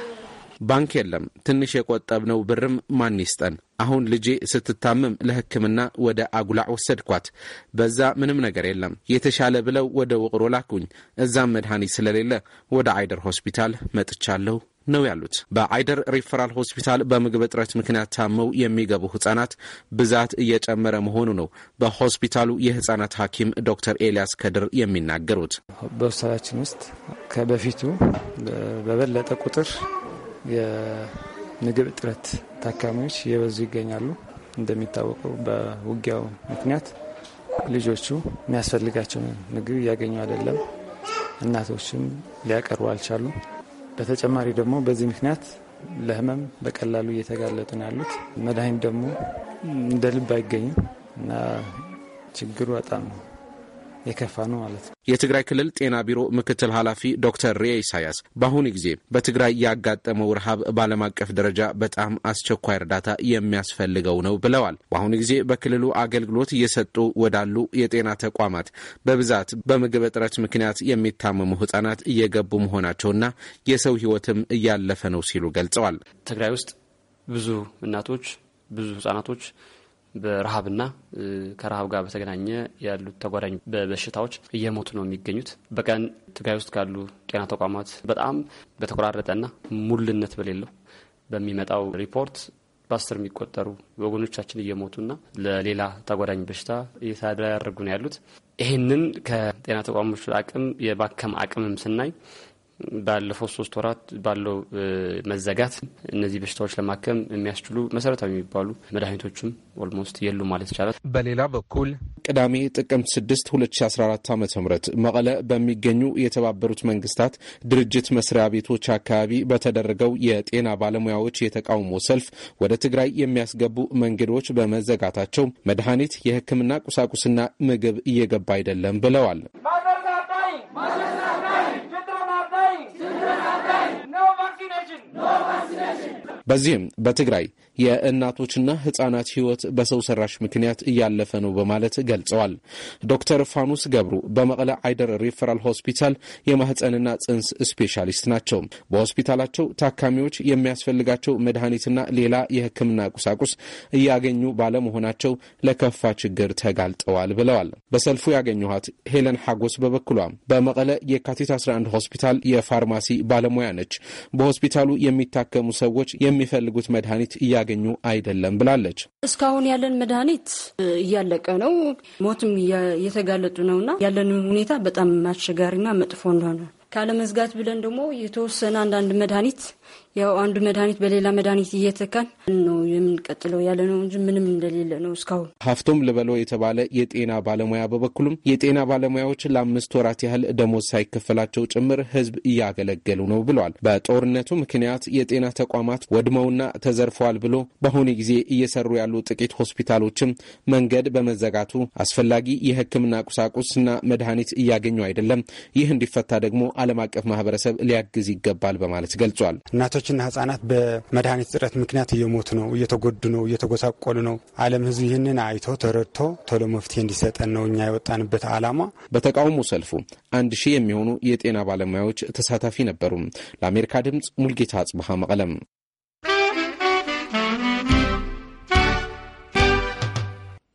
ባንክ የለም። ትንሽ የቆጠብነው ብርም ማን ይስጠን? አሁን ልጄ ስትታምም ለህክምና ወደ አጉላዕ ወሰድኳት። በዛ ምንም ነገር የለም። የተሻለ ብለው ወደ ውቅሮ ላኩኝ። እዛም መድኃኒት ስለሌለ ወደ አይደር ሆስፒታል መጥቻለሁ ነው ያሉት። በአይደር ሪፈራል ሆስፒታል በምግብ እጥረት ምክንያት ታመው የሚገቡ ህጻናት ብዛት እየጨመረ መሆኑ ነው በሆስፒታሉ የህጻናት ሐኪም ዶክተር ኤልያስ ከድር የሚናገሩት። በሆስፒታላችን ውስጥ ከበፊቱ በበለጠ ቁጥር የምግብ እጥረት ታካሚዎች እየበዙ ይገኛሉ። እንደሚታወቀው በውጊያው ምክንያት ልጆቹ የሚያስፈልጋቸውን ምግብ እያገኙ አይደለም። እናቶችም ሊያቀርቡ አልቻሉም። በተጨማሪ ደግሞ በዚህ ምክንያት ለህመም በቀላሉ እየተጋለጡ ነው ያሉት። መድኃኒት ደግሞ እንደ ልብ አይገኝም እና ችግሩ በጣም ነው። የከፋ ነው ማለት ነው። የትግራይ ክልል ጤና ቢሮ ምክትል ኃላፊ ዶክተር ሪ ኢሳያስ በአሁኑ ጊዜ በትግራይ ያጋጠመው ረሃብ በዓለም አቀፍ ደረጃ በጣም አስቸኳይ እርዳታ የሚያስፈልገው ነው ብለዋል። በአሁኑ ጊዜ በክልሉ አገልግሎት እየሰጡ ወዳሉ የጤና ተቋማት በብዛት በምግብ እጥረት ምክንያት የሚታመሙ ህጻናት እየገቡ መሆናቸውና የሰው ህይወትም እያለፈ ነው ሲሉ ገልጸዋል። ትግራይ ውስጥ ብዙ እናቶች፣ ብዙ ህጻናቶች በረሃብና ከረሃብ ጋር በተገናኘ ያሉት ተጓዳኝ በበሽታዎች እየሞቱ ነው የሚገኙት። በቀን ትግራይ ውስጥ ካሉ ጤና ተቋማት በጣም በተቆራረጠና ሙልነት በሌለው በሚመጣው ሪፖርት በአስር የሚቆጠሩ ወገኖቻችን እየሞቱና ለሌላ ተጓዳኝ በሽታ እየተዳረጉ ነው ያሉት። ይህንን ከጤና ተቋሞች አቅም የማከም አቅምም ስናይ ባለፈው ሶስት ወራት ባለው መዘጋት እነዚህ በሽታዎች ለማከም የሚያስችሉ መሰረታዊ የሚባሉ መድኃኒቶችም ኦልሞስት የሉ ማለት ይቻላል። በሌላ በኩል ቅዳሜ ጥቅምት 6 2014 ዓ ም መቀለ በሚገኙ የተባበሩት መንግስታት ድርጅት መስሪያ ቤቶች አካባቢ በተደረገው የጤና ባለሙያዎች የተቃውሞ ሰልፍ ወደ ትግራይ የሚያስገቡ መንገዶች በመዘጋታቸው መድኃኒት፣ የህክምና ቁሳቁስና ምግብ እየገባ አይደለም ብለዋል። በዚህም በትግራይ የእናቶችና ህጻናት ህይወት በሰው ሰራሽ ምክንያት እያለፈ ነው በማለት ገልጸዋል። ዶክተር ፋኑስ ገብሩ በመቀለ አይደር ሪፈራል ሆስፒታል የማህፀንና ጽንስ ስፔሻሊስት ናቸው። በሆስፒታላቸው ታካሚዎች የሚያስፈልጋቸው መድኃኒትና ሌላ የህክምና ቁሳቁስ እያገኙ ባለመሆናቸው ለከፋ ችግር ተጋልጠዋል ብለዋል። በሰልፉ ያገኘኋት ሄለን ሐጎስ በበኩሏ በመቀለ የካቲት 11 ሆስፒታል የፋርማሲ ባለሙያ ነች። በሆስፒታሉ የሚታከሙ ሰዎች የሚፈልጉት መድኃኒት እያ እያገኙ አይደለም ብላለች። እስካሁን ያለን መድኃኒት እያለቀ ነው፣ ሞትም እየተጋለጡ ነውና ያለን ሁኔታ በጣም አስቸጋሪና መጥፎ እንደሆነ ካለመዝጋት ብለን ደግሞ የተወሰነ አንዳንድ መድኃኒት ያው አንዱ መድኃኒት በሌላ መድኃኒት እየተካን ነው የምንቀጥለው ያለ ነው እንጂ ምንም እንደሌለ ነው እስካሁን። ሀፍቶም ልበሎ የተባለ የጤና ባለሙያ በበኩሉም የጤና ባለሙያዎች ለአምስት ወራት ያህል ደሞዝ ሳይከፈላቸው ጭምር ህዝብ እያገለገሉ ነው ብለዋል። በጦርነቱ ምክንያት የጤና ተቋማት ወድመውና ተዘርፈዋል ብሎ በአሁኑ ጊዜ እየሰሩ ያሉ ጥቂት ሆስፒታሎችም መንገድ በመዘጋቱ አስፈላጊ የህክምና ቁሳቁስና መድኃኒት እያገኙ አይደለም። ይህ እንዲፈታ ደግሞ ዓለም አቀፍ ማህበረሰብ ሊያግዝ ይገባል በማለት ገልጿል። እናቶችና ህጻናት በመድኃኒት እጥረት ምክንያት እየሞቱ ነው፣ እየተጎዱ ነው፣ እየተጎሳቆሉ ነው። ዓለም ህዝብ ይህንን አይቶ ተረድቶ ቶሎ መፍትሄ እንዲሰጠን ነው እኛ የወጣንበት አላማ በተቃውሞ ሰልፉ አንድ ሺህ የሚሆኑ የጤና ባለሙያዎች ተሳታፊ ነበሩ። ለአሜሪካ ድምፅ ሙልጌታ አጽብሃ መቀለም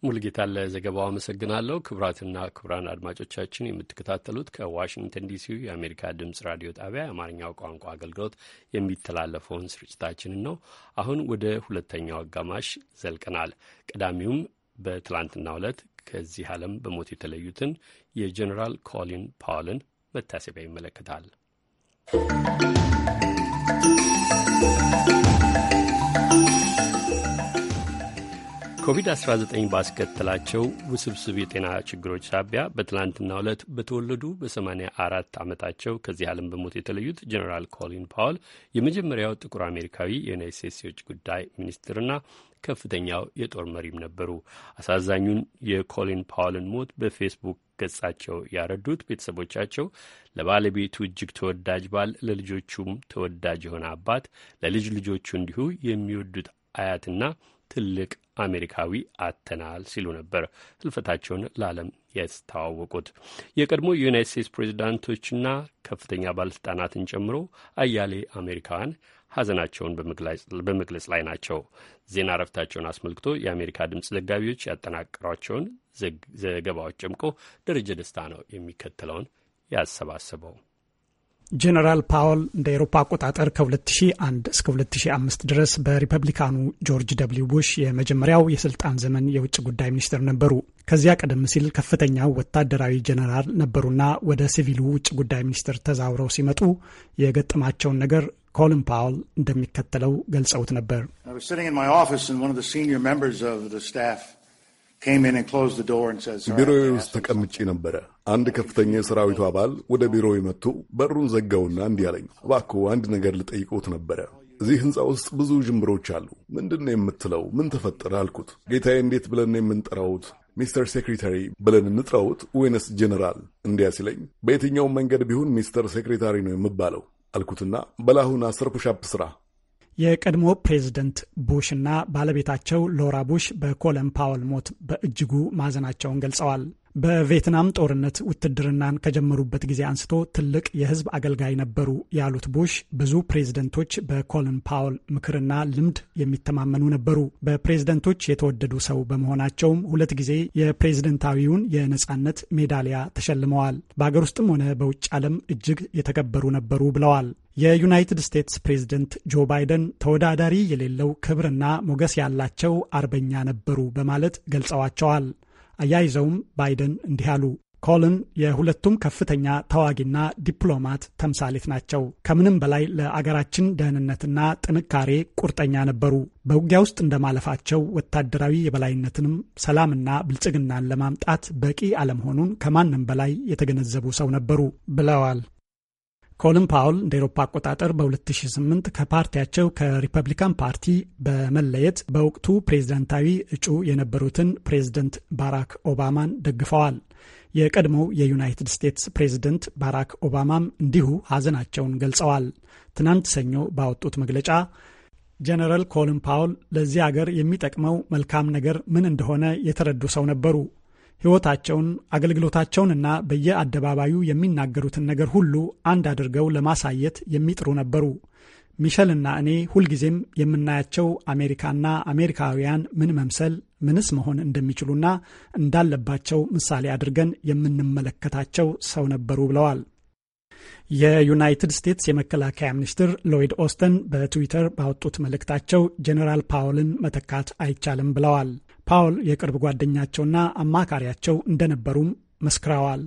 ሙልጌታን ለዘገባው አመሰግናለሁ። ክቡራትና ክቡራን አድማጮቻችን የምትከታተሉት ከዋሽንግተን ዲሲ የአሜሪካ ድምፅ ራዲዮ ጣቢያ የአማርኛው ቋንቋ አገልግሎት የሚተላለፈውን ስርጭታችንን ነው። አሁን ወደ ሁለተኛው አጋማሽ ዘልቀናል። ቀዳሚውም በትላንትናው ዕለት ከዚህ ዓለም በሞት የተለዩትን የጀኔራል ኮሊን ፓውልን መታሰቢያ ይመለከታል። ኮቪድ-19 ባስከተላቸው ውስብስብ የጤና ችግሮች ሳቢያ በትላንትና ዕለት በተወለዱ በ84 ዓመታቸው ከዚህ ዓለም በሞት የተለዩት ጀኔራል ኮሊን ፓውል የመጀመሪያው ጥቁር አሜሪካዊ የዩናይት ስቴትስ የውጭ ጉዳይ ሚኒስትርና ከፍተኛው የጦር መሪም ነበሩ። አሳዛኙን የኮሊን ፓውልን ሞት በፌስቡክ ገጻቸው ያረዱት ቤተሰቦቻቸው ለባለቤቱ እጅግ ተወዳጅ ባል፣ ለልጆቹም ተወዳጅ የሆነ አባት፣ ለልጅ ልጆቹ እንዲሁ የሚወዱት አያትና ትልቅ አሜሪካዊ አተናል ሲሉ ነበር ህልፈታቸውን ለዓለም ያስተዋወቁት። የቀድሞ የዩናይት ስቴትስ ፕሬዚዳንቶችና ከፍተኛ ባለሥልጣናትን ጨምሮ አያሌ አሜሪካውያን ሐዘናቸውን በመግለጽ ላይ ናቸው። ዜና እረፍታቸውን አስመልክቶ የአሜሪካ ድምፅ ዘጋቢዎች ያጠናቀሯቸውን ዘገባዎች ጨምቆ ደረጀ ደስታ ነው የሚከተለውን ያሰባስበው። ጀነራል ፓወል እንደ ኤሮፓ አቆጣጠር ከ2001 እስከ 2005 ድረስ በሪፐብሊካኑ ጆርጅ ደብሊው ቡሽ የመጀመሪያው የስልጣን ዘመን የውጭ ጉዳይ ሚኒስትር ነበሩ። ከዚያ ቀደም ሲል ከፍተኛው ወታደራዊ ጀነራል ነበሩና ወደ ሲቪሉ ውጭ ጉዳይ ሚኒስትር ተዛውረው ሲመጡ የገጠማቸውን ነገር ኮሊን ፓወል እንደሚከተለው ገልጸውት ነበር። ቢሮዬ ውስጥ ተቀምጬ ነበረ። አንድ ከፍተኛ የሰራዊቱ አባል ወደ ቢሮዬ መጥቶ በሩን ዘጋውና እንዲህ አለኝ፣ እባክዎ አንድ ነገር ልጠይቅዎት ነበረ። እዚህ ሕንፃ ውስጥ ብዙ ጅምብሮች አሉ። ምንድን ነው የምትለው? ምን ተፈጠረ አልኩት። ጌታዬ፣ እንዴት ብለን የምንጠራውት? ሚስተር ሴክሬታሪ ብለን እንጥራውት ወይንስ ጀኔራል? እንዲያ ሲለኝ በየትኛውም መንገድ ቢሆን ሚስተር ሴክሬታሪ ነው የምባለው አልኩትና በላሁን አስር ፑሻፕ ስራ የቀድሞ ፕሬዝደንት ቡሽ እና ባለቤታቸው ሎራ ቡሽ በኮለን ፓወል ሞት በእጅጉ ማዘናቸውን ገልጸዋል። በቪየትናም ጦርነት ውትድርናን ከጀመሩበት ጊዜ አንስቶ ትልቅ የሕዝብ አገልጋይ ነበሩ ያሉት ቡሽ ብዙ ፕሬዝደንቶች በኮልን ፓውል ምክርና ልምድ የሚተማመኑ ነበሩ። በፕሬዝደንቶች የተወደዱ ሰው በመሆናቸውም ሁለት ጊዜ የፕሬዝደንታዊውን የነጻነት ሜዳሊያ ተሸልመዋል። በአገር ውስጥም ሆነ በውጭ ዓለም እጅግ የተከበሩ ነበሩ ብለዋል። የዩናይትድ ስቴትስ ፕሬዝደንት ጆ ባይደን ተወዳዳሪ የሌለው ክብርና ሞገስ ያላቸው አርበኛ ነበሩ በማለት ገልጸዋቸዋል። አያይዘውም ባይደን እንዲህ አሉ። ኮልን የሁለቱም ከፍተኛ ተዋጊና ዲፕሎማት ተምሳሌት ናቸው። ከምንም በላይ ለአገራችን ደህንነትና ጥንካሬ ቁርጠኛ ነበሩ። በውጊያ ውስጥ እንደማለፋቸው ወታደራዊ የበላይነትንም ሰላምና ብልጽግናን ለማምጣት በቂ አለመሆኑን ከማንም በላይ የተገነዘቡ ሰው ነበሩ ብለዋል። ኮልን ፓውል እንደ ኤሮፓ አቆጣጠር በ2008 ከፓርቲያቸው ከሪፐብሊካን ፓርቲ በመለየት በወቅቱ ፕሬዝደንታዊ እጩ የነበሩትን ፕሬዝደንት ባራክ ኦባማን ደግፈዋል። የቀድሞው የዩናይትድ ስቴትስ ፕሬዝደንት ባራክ ኦባማም እንዲሁ ሐዘናቸውን ገልጸዋል። ትናንት ሰኞ ባወጡት መግለጫ ጀነራል ኮልን ፓውል ለዚህ አገር የሚጠቅመው መልካም ነገር ምን እንደሆነ የተረዱ ሰው ነበሩ ሕይወታቸውን፣ አገልግሎታቸውንና በየአደባባዩ የሚናገሩትን ነገር ሁሉ አንድ አድርገው ለማሳየት የሚጥሩ ነበሩ። ሚሸልና እኔ ሁልጊዜም የምናያቸው አሜሪካና አሜሪካውያን ምን መምሰል ምንስ መሆን እንደሚችሉና እንዳለባቸው ምሳሌ አድርገን የምንመለከታቸው ሰው ነበሩ ብለዋል። የዩናይትድ ስቴትስ የመከላከያ ሚኒስትር ሎይድ ኦስተን በትዊተር ባወጡት መልእክታቸው ጄኔራል ፓወልን መተካት አይቻልም ብለዋል። ፓውል የቅርብ ጓደኛቸውና አማካሪያቸው እንደነበሩም መስክረዋል።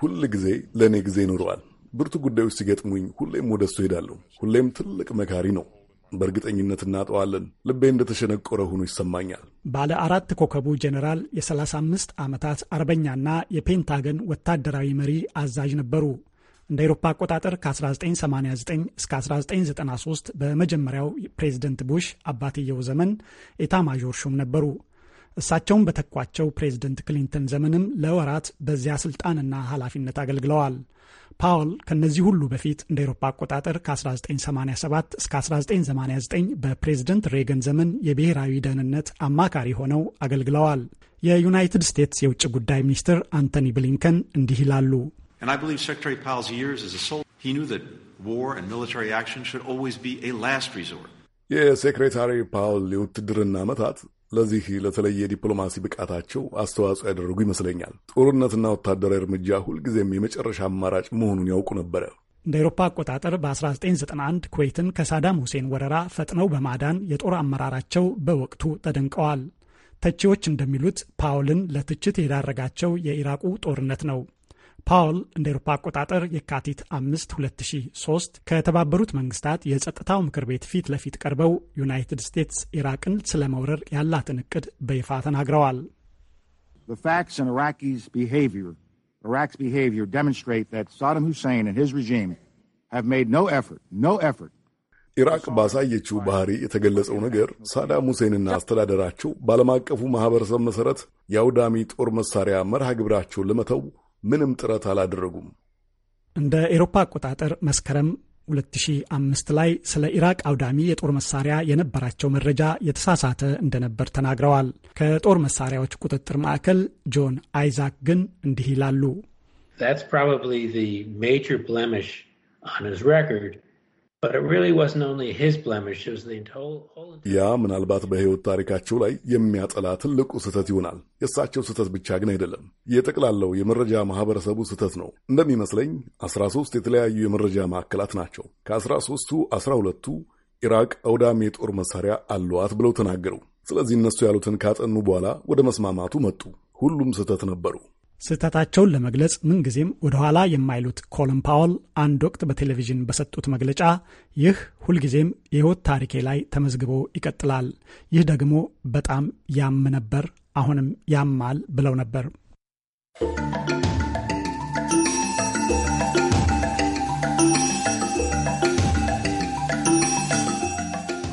ሁል ጊዜ ለእኔ ጊዜ ይኖረዋል። ብርቱ ጉዳዮች ሲገጥሙኝ ሁሌም ወደ እሱ ሄዳለሁ። ሁሌም ትልቅ መካሪ ነው። በእርግጠኝነት እናጠዋለን። ልቤ እንደተሸነቆረ ሆኖ ይሰማኛል። ባለ አራት ኮከቡ ጄኔራል የ35 ዓመታት አርበኛና የፔንታገን ወታደራዊ መሪ አዛዥ ነበሩ። እንደ ኤሮፓ አቆጣጠር ከ1989 እስከ 1993 በመጀመሪያው ፕሬዝደንት ቡሽ አባትየው ዘመን ኤታ ማዦር ሹም ነበሩ። እሳቸውም በተኳቸው ፕሬዝደንት ክሊንተን ዘመንም ለወራት በዚያ ስልጣንና ኃላፊነት አገልግለዋል። ፓውል ከነዚህ ሁሉ በፊት እንደ ኤሮፓ አቆጣጠር ከ1987 እስከ 1989 በፕሬዝደንት ሬገን ዘመን የብሔራዊ ደህንነት አማካሪ ሆነው አገልግለዋል። የዩናይትድ ስቴትስ የውጭ ጉዳይ ሚኒስትር አንቶኒ ብሊንከን እንዲህ ይላሉ። And I believe Secretary Powell's years as a soldier, he knew that war and military action should always be a last resort. የሴክሬታሪ ፓውል የውትድርና ዓመታት ለዚህ ለተለየ ዲፕሎማሲ ብቃታቸው አስተዋጽኦ ያደረጉ ይመስለኛል። ጦርነትና ወታደራዊ እርምጃ ሁልጊዜም የመጨረሻ አማራጭ መሆኑን ያውቁ ነበረ። እንደ አውሮፓ አቆጣጠር በ1991 ኩዌትን ከሳዳም ሁሴን ወረራ ፈጥነው በማዳን የጦር አመራራቸው በወቅቱ ተደንቀዋል። ተቺዎች እንደሚሉት ፓውልን ለትችት የዳረጋቸው የኢራቁ ጦርነት ነው። ፓውል እንደ ኤሮፓ አቆጣጠር የካቲት 5 2003 ከተባበሩት መንግስታት የጸጥታው ምክር ቤት ፊት ለፊት ቀርበው ዩናይትድ ስቴትስ ኢራቅን ስለመውረር ያላትን እቅድ በይፋ ተናግረዋል። Iraq's behavior demonstrate that Saddam Hussein and his regime have made no effort, no effort. ኢራቅ ባሳየችው ባህሪ የተገለጸው ነገር ሳዳም ሁሴንና አስተዳደራቸው በዓለም አቀፉ ማህበረሰብ መሠረት የአውዳሚ ጦር መሳሪያ መርሃ ግብራቸውን ለመተው ምንም ጥረት አላደረጉም። እንደ ኤሮፓ አቆጣጠር መስከረም 2005 ላይ ስለ ኢራቅ አውዳሚ የጦር መሳሪያ የነበራቸው መረጃ የተሳሳተ እንደነበር ተናግረዋል። ከጦር መሳሪያዎች ቁጥጥር ማዕከል ጆን አይዛክ ግን እንዲህ ይላሉ። ያ ምናልባት በሕይወት ታሪካቸው ላይ የሚያጠላ ትልቁ ስህተት ይሆናል። የእሳቸው ስህተት ብቻ ግን አይደለም፣ የጠቅላላው የመረጃ ማህበረሰቡ ስህተት ነው። እንደሚመስለኝ 13 የተለያዩ የመረጃ ማዕከላት ናቸው። ከ13ቱ 12ቱ ኢራቅ አውዳሚ የጦር መሳሪያ አለዋት ብለው ተናገሩ። ስለዚህ እነሱ ያሉትን ካጠኑ በኋላ ወደ መስማማቱ መጡ። ሁሉም ስህተት ነበሩ። ስህተታቸውን ለመግለጽ ምንጊዜም ወደ ኋላ የማይሉት ኮልን ፓወል አንድ ወቅት በቴሌቪዥን በሰጡት መግለጫ ይህ ሁልጊዜም የሕይወት ታሪኬ ላይ ተመዝግቦ ይቀጥላል፣ ይህ ደግሞ በጣም ያም ነበር፣ አሁንም ያማል ብለው ነበር።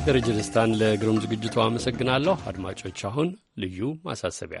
ድርጅት ደስታን ለግሩም ዝግጅቱ አመሰግናለሁ። አድማጮች፣ አሁን ልዩ ማሳሰቢያ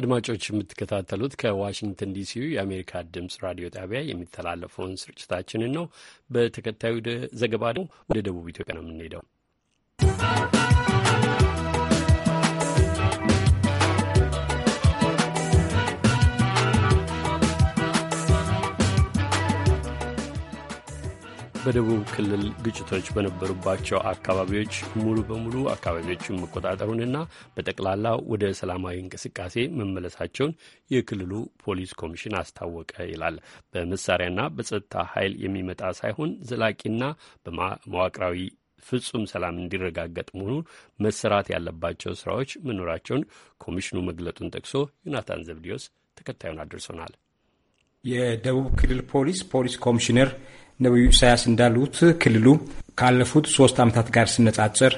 አድማጮች የምትከታተሉት ከዋሽንግተን ዲሲ የአሜሪካ ድምፅ ራዲዮ ጣቢያ የሚተላለፈውን ስርጭታችንን ነው። በተከታዩ ዘገባ ደግሞ ወደ ደቡብ ኢትዮጵያ ነው የምንሄደው። በደቡብ ክልል ግጭቶች በነበሩባቸው አካባቢዎች ሙሉ በሙሉ አካባቢዎችን መቆጣጠሩንና በጠቅላላ ወደ ሰላማዊ እንቅስቃሴ መመለሳቸውን የክልሉ ፖሊስ ኮሚሽን አስታወቀ ይላል። በመሳሪያና በጸጥታ ኃይል የሚመጣ ሳይሆን ዘላቂና በመዋቅራዊ ፍጹም ሰላም እንዲረጋገጥ መሆኑን መሰራት ያለባቸው ስራዎች መኖራቸውን ኮሚሽኑ መግለጡን ጠቅሶ ዮናታን ዘብዲዮስ ተከታዩን አድርሶናል። የደቡብ ክልል ፖሊስ ፖሊስ ኮሚሽነር ነቢዩ ኢሳያስ እንዳሉት ክልሉ ካለፉት ሶስት ዓመታት ጋር ሲነጻጸር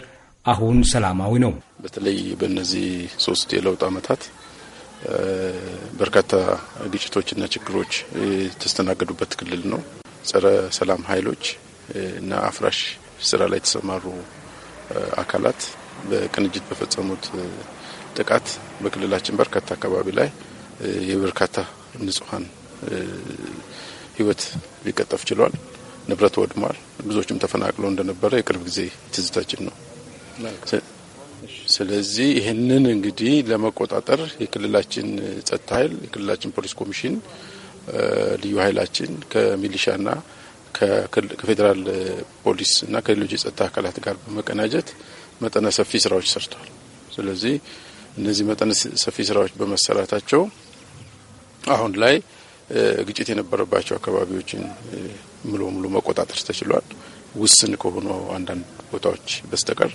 አሁን ሰላማዊ ነው። በተለይ በእነዚህ ሶስት የለውጥ ዓመታት በርካታ ግጭቶችና ችግሮች የተስተናገዱበት ክልል ነው። ጸረ ሰላም ኃይሎች እና አፍራሽ ስራ ላይ የተሰማሩ አካላት በቅንጅት በፈጸሙት ጥቃት በክልላችን በርካታ አካባቢ ላይ የበርካታ ንጹሐን ህይወት ሊቀጠፍ ችሏል። ንብረት ወድሟል። ብዙዎችም ተፈናቅለው እንደነበረ የቅርብ ጊዜ ትዝታችን ነው። ስለዚህ ይህንን እንግዲህ ለመቆጣጠር የክልላችን ጸጥታ ኃይል፣ የክልላችን ፖሊስ ኮሚሽን፣ ልዩ ኃይላችን ከሚሊሻና ከፌዴራል ፖሊስ እና ከሌሎች የጸጥታ አካላት ጋር በመቀናጀት መጠነ ሰፊ ስራዎች ሰርተዋል። ስለዚህ እነዚህ መጠነ ሰፊ ስራዎች በመሰራታቸው አሁን ላይ ግጭት የነበረባቸው አካባቢዎችን ሙሉ ሙሉ መቆጣጠር ተችሏል። ውስን ከሆኑ አንዳንድ ቦታዎች በስተቀር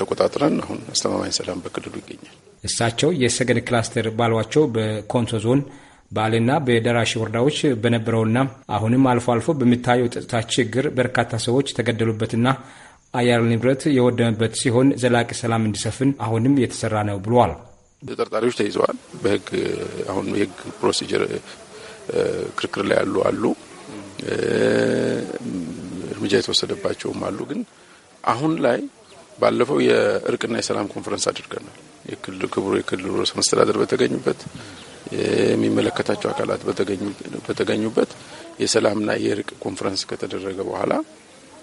ተቆጣጥረን አሁን አስተማማኝ ሰላም በክልሉ ይገኛል። እሳቸው የሰገድ ክላስተር ባሏቸው በኮንሶ ዞን በአሌና በደራሽ ወረዳዎች በነበረውና አሁንም አልፎ አልፎ በሚታየው ጸጥታ ችግር በርካታ ሰዎች የተገደሉበትና አያል ንብረት የወደመበት ሲሆን ዘላቂ ሰላም እንዲሰፍን አሁንም የተሰራ ነው ብሏል። ተጠርጣሪዎች ተይዘዋል። በህግ አሁን የህግ ፕሮሲጀር ክርክር ላይ ያሉ አሉ። እርምጃ የተወሰደባቸውም አሉ። ግን አሁን ላይ ባለፈው የእርቅና የሰላም ኮንፈረንስ አድርገናል። ክቡር የክልሉ ርዕሰ መስተዳደር በተገኙበት የሚመለከታቸው አካላት በተገኙበት የሰላምና የእርቅ ኮንፈረንስ ከተደረገ በኋላ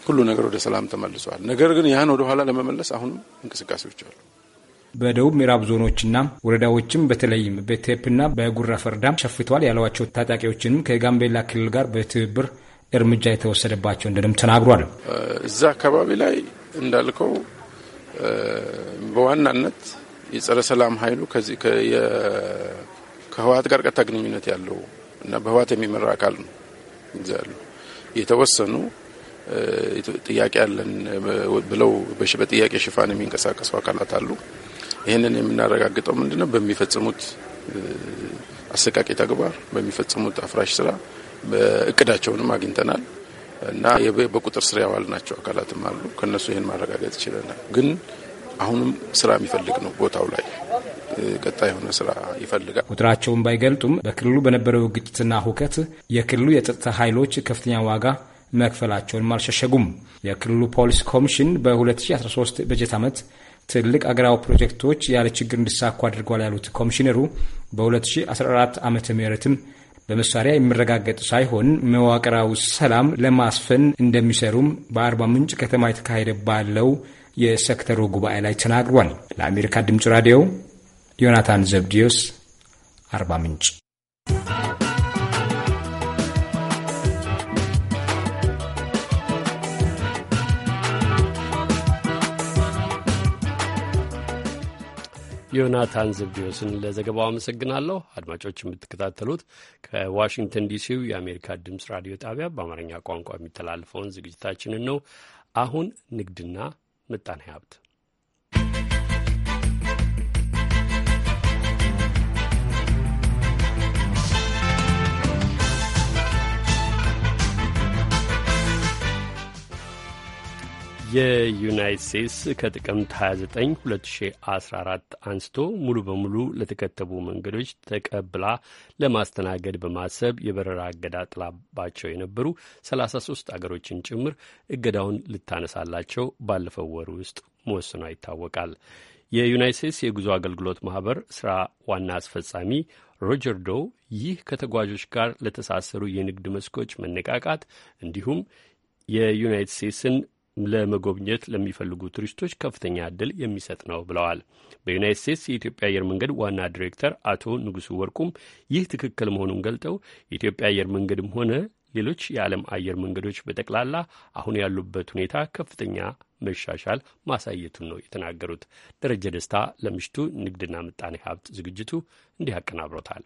ሁሉ ነገር ወደ ሰላም ተመልሷል። ነገር ግን ያን ወደ ኋላ ለመመለስ አሁንም እንቅስቃሴዎች አሉ። በደቡብ ምዕራብ ዞኖችና ወረዳዎችም በተለይም በቴፕና በጉራ ፈርዳ ሸፍተዋል ያለዋቸው ታጣቂዎችንም ከጋምቤላ ክልል ጋር በትብብር እርምጃ የተወሰደባቸው እንደንም ተናግሯል። እዛ አካባቢ ላይ እንዳልከው በዋናነት የጸረ ሰላም ኃይሉ ከዚህ ጋር ቀጥታ ግንኙነት ያለው እና በህወሓት የሚመራ አካል ነው። እዚ ያሉ የተወሰኑ ጥያቄ ያለን ብለው በጥያቄ ሽፋን የሚንቀሳቀሱ አካላት አሉ። ይህንን የምናረጋግጠው ምንድነው በሚፈጽሙት አሰቃቂ ተግባር በሚፈጽሙት አፍራሽ ስራ እቅዳቸውንም አግኝተናል እና በቁጥር ስር ናቸው አካላትም አሉ። ከነሱ ይህን ማረጋገጥ ይችለናል። ግን አሁንም ስራ የሚፈልግ ነው ቦታው ላይ ቀጣይ የሆነ ስራ ይፈልጋል። ቁጥራቸውን ባይገልጡም በክልሉ በነበረው ግጭትና ሁከት የክልሉ የጸጥታ ኃይሎች ከፍተኛ ዋጋ መክፈላቸውንም አልሸሸጉም። የክልሉ ፖሊስ ኮሚሽን በ2013 በጀት ዓመት ትልቅ አገራዊ ፕሮጀክቶች ያለ ችግር እንዲሳኩ አድርጓል ያሉት ኮሚሽነሩ በ2014 ዓ ምትም በመሳሪያ የሚረጋገጥ ሳይሆን መዋቅራዊ ሰላም ለማስፈን እንደሚሰሩም በአርባ ምንጭ ከተማ የተካሄደ ባለው የሴክተሩ ጉባኤ ላይ ተናግሯል። ለአሜሪካ ድምፅ ራዲዮ ዮናታን ዘብዲዮስ አርባ ምንጭ ዮናታን ዘብዲዮስን ለዘገባው አመሰግናለሁ። አድማጮች የምትከታተሉት ከዋሽንግተን ዲሲው የአሜሪካ ድምፅ ራዲዮ ጣቢያ በአማርኛ ቋንቋ የሚተላለፈውን ዝግጅታችንን ነው። አሁን ንግድና ምጣኔ ሀብት የዩናይት ስቴትስ ከጥቅምት 29 2014 አንስቶ ሙሉ በሙሉ ለተከተቡ መንገዶች ተቀብላ ለማስተናገድ በማሰብ የበረራ እገዳ ጥላባቸው የነበሩ 33 አገሮችን ጭምር እገዳውን ልታነሳላቸው ባለፈው ወር ውስጥ መወሰኗ ይታወቃል። የዩናይት ስቴትስ የጉዞ አገልግሎት ማህበር ስራ ዋና አስፈጻሚ ሮጀር ዶው ይህ ከተጓዦች ጋር ለተሳሰሩ የንግድ መስኮች መነቃቃት እንዲሁም የዩናይት ስቴትስን ለመጎብኘት ለሚፈልጉ ቱሪስቶች ከፍተኛ እድል የሚሰጥ ነው ብለዋል። በዩናይት ስቴትስ የኢትዮጵያ አየር መንገድ ዋና ዲሬክተር አቶ ንጉሱ ወርቁም ይህ ትክክል መሆኑን ገልጠው የኢትዮጵያ አየር መንገድም ሆነ ሌሎች የዓለም አየር መንገዶች በጠቅላላ አሁን ያሉበት ሁኔታ ከፍተኛ መሻሻል ማሳየቱን ነው የተናገሩት። ደረጀ ደስታ ለምሽቱ ንግድና ምጣኔ ሀብት ዝግጅቱ እንዲህ አቀናብሮታል።